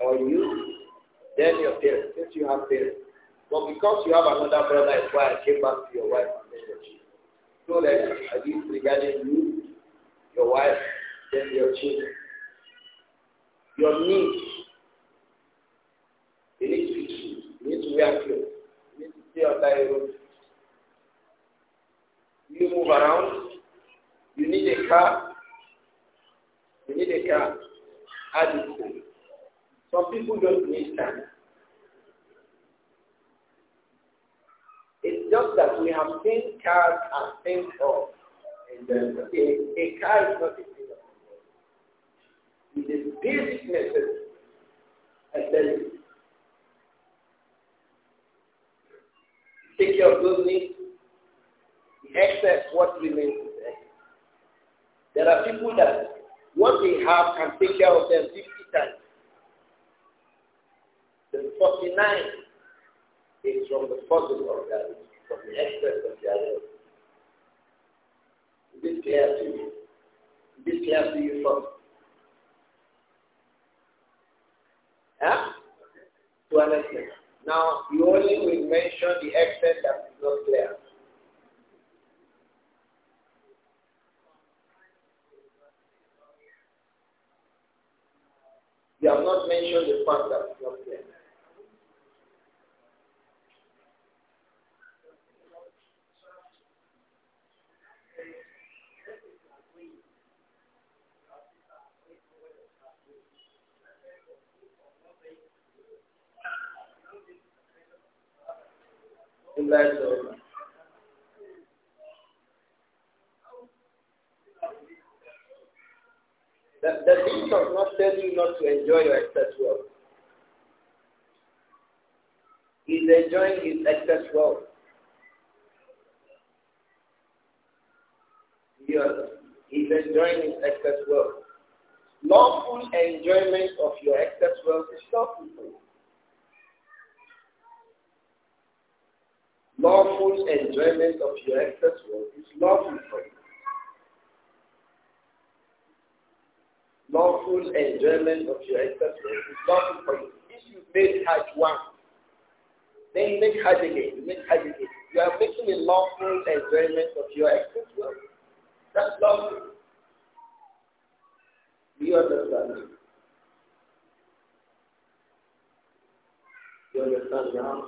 [SPEAKER 1] Or you, then your parents, since you have parents. But because you have another brother, it's why I came back to your wife and then your children. So that at least regarding you, your wife, then your children. Your needs. You need to be cute. You need to wear clothes. You need to stay You move around. You need a car. You need a car. Add it. Some people don't need time. It's just that we have seen cars and things of and a, car is not a thing of It is basic necessity. Take care of those needs. excess, what remains. There are people that what they have can take care of them 50 times. The 49 is from the puzzle of their from the excess of their wealth. Is this clear to you? Is this clear to you first? Yeah, To understand. Now, you only will mention the extent that is not clear. you have not mentioned the fact that it's not there. In light The, the does not tell you not to enjoy your excess wealth. He's enjoying his excess wealth. He's enjoying his excess wealth. Lawful enjoyment of your excess wealth is lawful
[SPEAKER 2] Lawful enjoyment of your excess
[SPEAKER 1] wealth is lawful for you. lawful enjoyment of your acceptance is lawful for you. If you made Hajj once, then make Hajj again, you make Hajj again. You are making a lawful enjoyment of your acceptance. That's lawful. Do you understand? Do you understand now?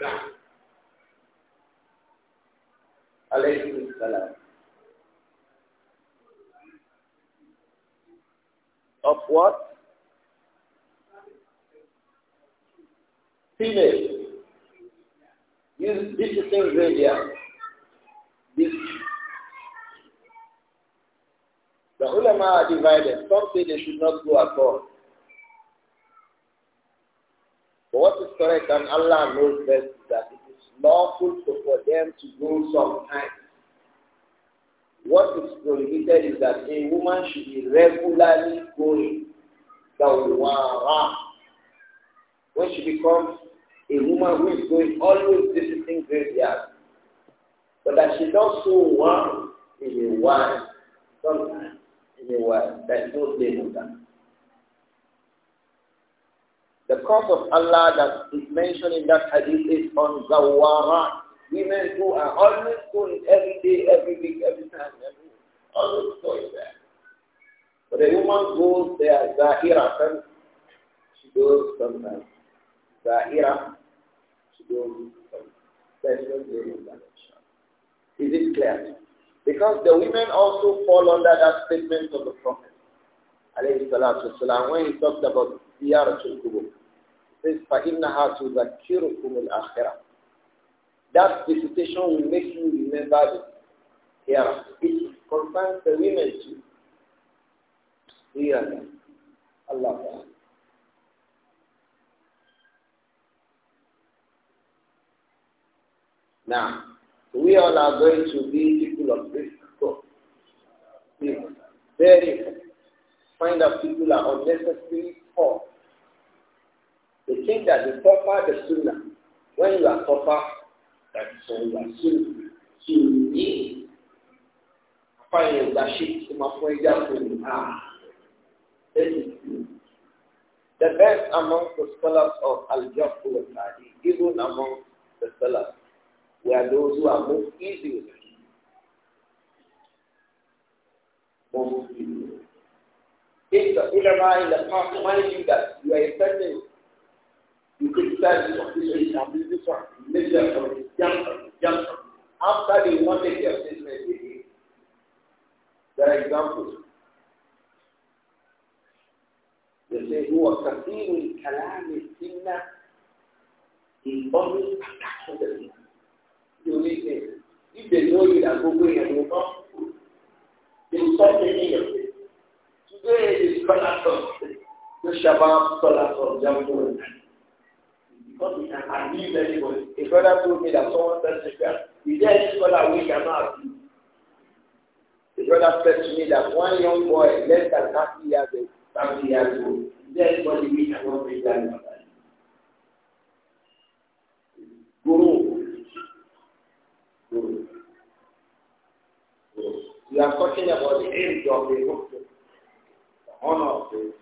[SPEAKER 1] Yeah. عليكم السلام of what? Female. Use this thing radio. This. The ulama are divided. Some say they should not go at all. But what is correct, and Allah knows best, is that it is lawful for them to go sometimes. What is prohibited is that a woman should be regularly going dawara. When she becomes a woman who is going always visiting graveyards, but that she does so once in a while, sometimes in a while, there is no blame on that. The cause of Allah that is mentioned in that hadith is on zawarat. Women go and always going every day, every week, every time, every week. Always go in there. But the woman goes there, Zahira, she goes sometimes. Zahira, she goes sometimes. That's not doing that. Is it clear? Because the women also fall under that statement of the Prophet. Alayhi when he talked about the Ziyaratul Kubur, he says, فَإِنَّهَا تُذَكِّرُكُمُ الْآخِرَةِ that visitation will make you remember the hereafter. It concerns the women too. Hereafter. Allah. Now, we all are going to be people of this So, Very important. Find out people are unnecessary poor. They think that the tougher the sooner, when you are tougher, that is all right. So, so ní àfààní ẹ̀dá ṣe kí máa fún ẹja tó ní à the best among the scholars of Al-Jafu and Sadi, even among the scholars, were those who are most easy with it. Most easy. If the ulama in the past remind you that you are a person, you study this one, this one, this one, make jump jump After they want their statement, they There are examples. They say, هو كثير الكلام السنة He always attacks the people. The if they know you are going and you they will stop taking your faith. Today, is scholars the Shabbat not we can abuse anybody. A brother told me that someone said to me, is there any scholar we cannot abuse? The brother said to me that one young boy, less than 30 years old, 30 years old, is there anybody we cannot bring down? Guru. Guru. Guru. You are talking about the age of the Muslim, the honor of the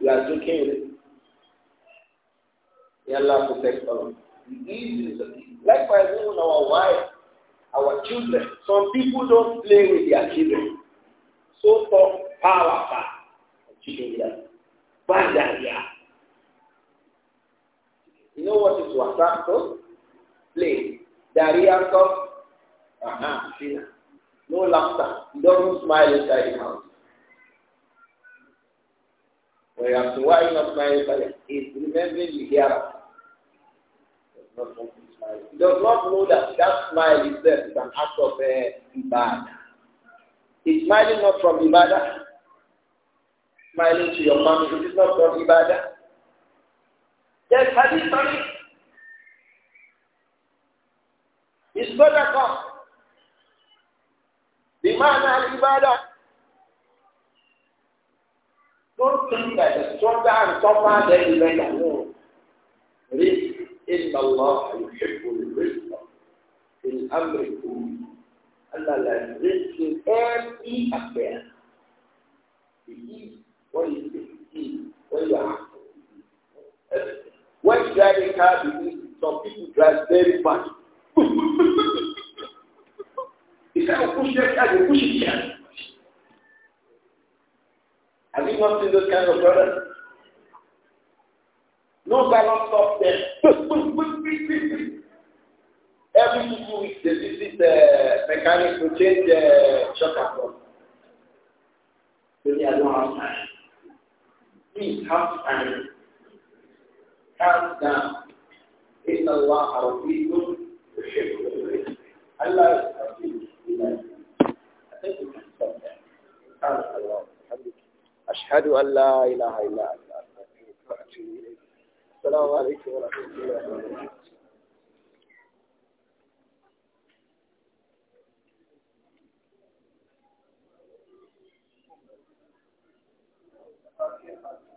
[SPEAKER 1] You are joking with May Allah protect all The ease Likewise, even our wives, our children. Some people don't play with their children. So for power, power. Children, bad idea. You know what is WhatsApp called? Play. Diarrhea comes. Aha, see No laughter. You don't smile inside the house. Whereas why you not smile? inside? It's remembering the hereafter does not know that that smile itself is an act of uh, ibadah. Is smiling not from ibadah? Smiling to your family, it is not from ibadah. Yes, hadith on it. It's The man and ibadah Don't think that the stronger and tougher than the better. No. Really? إن الله يحب الرزق في الأمر كله Allah like this in every affair. He is what is it? When you are when you drive a car, some people drive very fast. Instead of pushing their car, they push it here. Have you not seen those kind of brothers? No allons sortir. Every two weeks they visit the mechanic to change the shock absorber. Really, I don't have time. Please have time. Calm down. إن الله رفيق the الرفق. Allah is رفيق. I think we can stop there. سبحانك اللهم وبحمدك. أشهد أن لا إله إلا أنت. وأتوب إليك. السلام عليكم ورحمة الله وبركاته Thank you.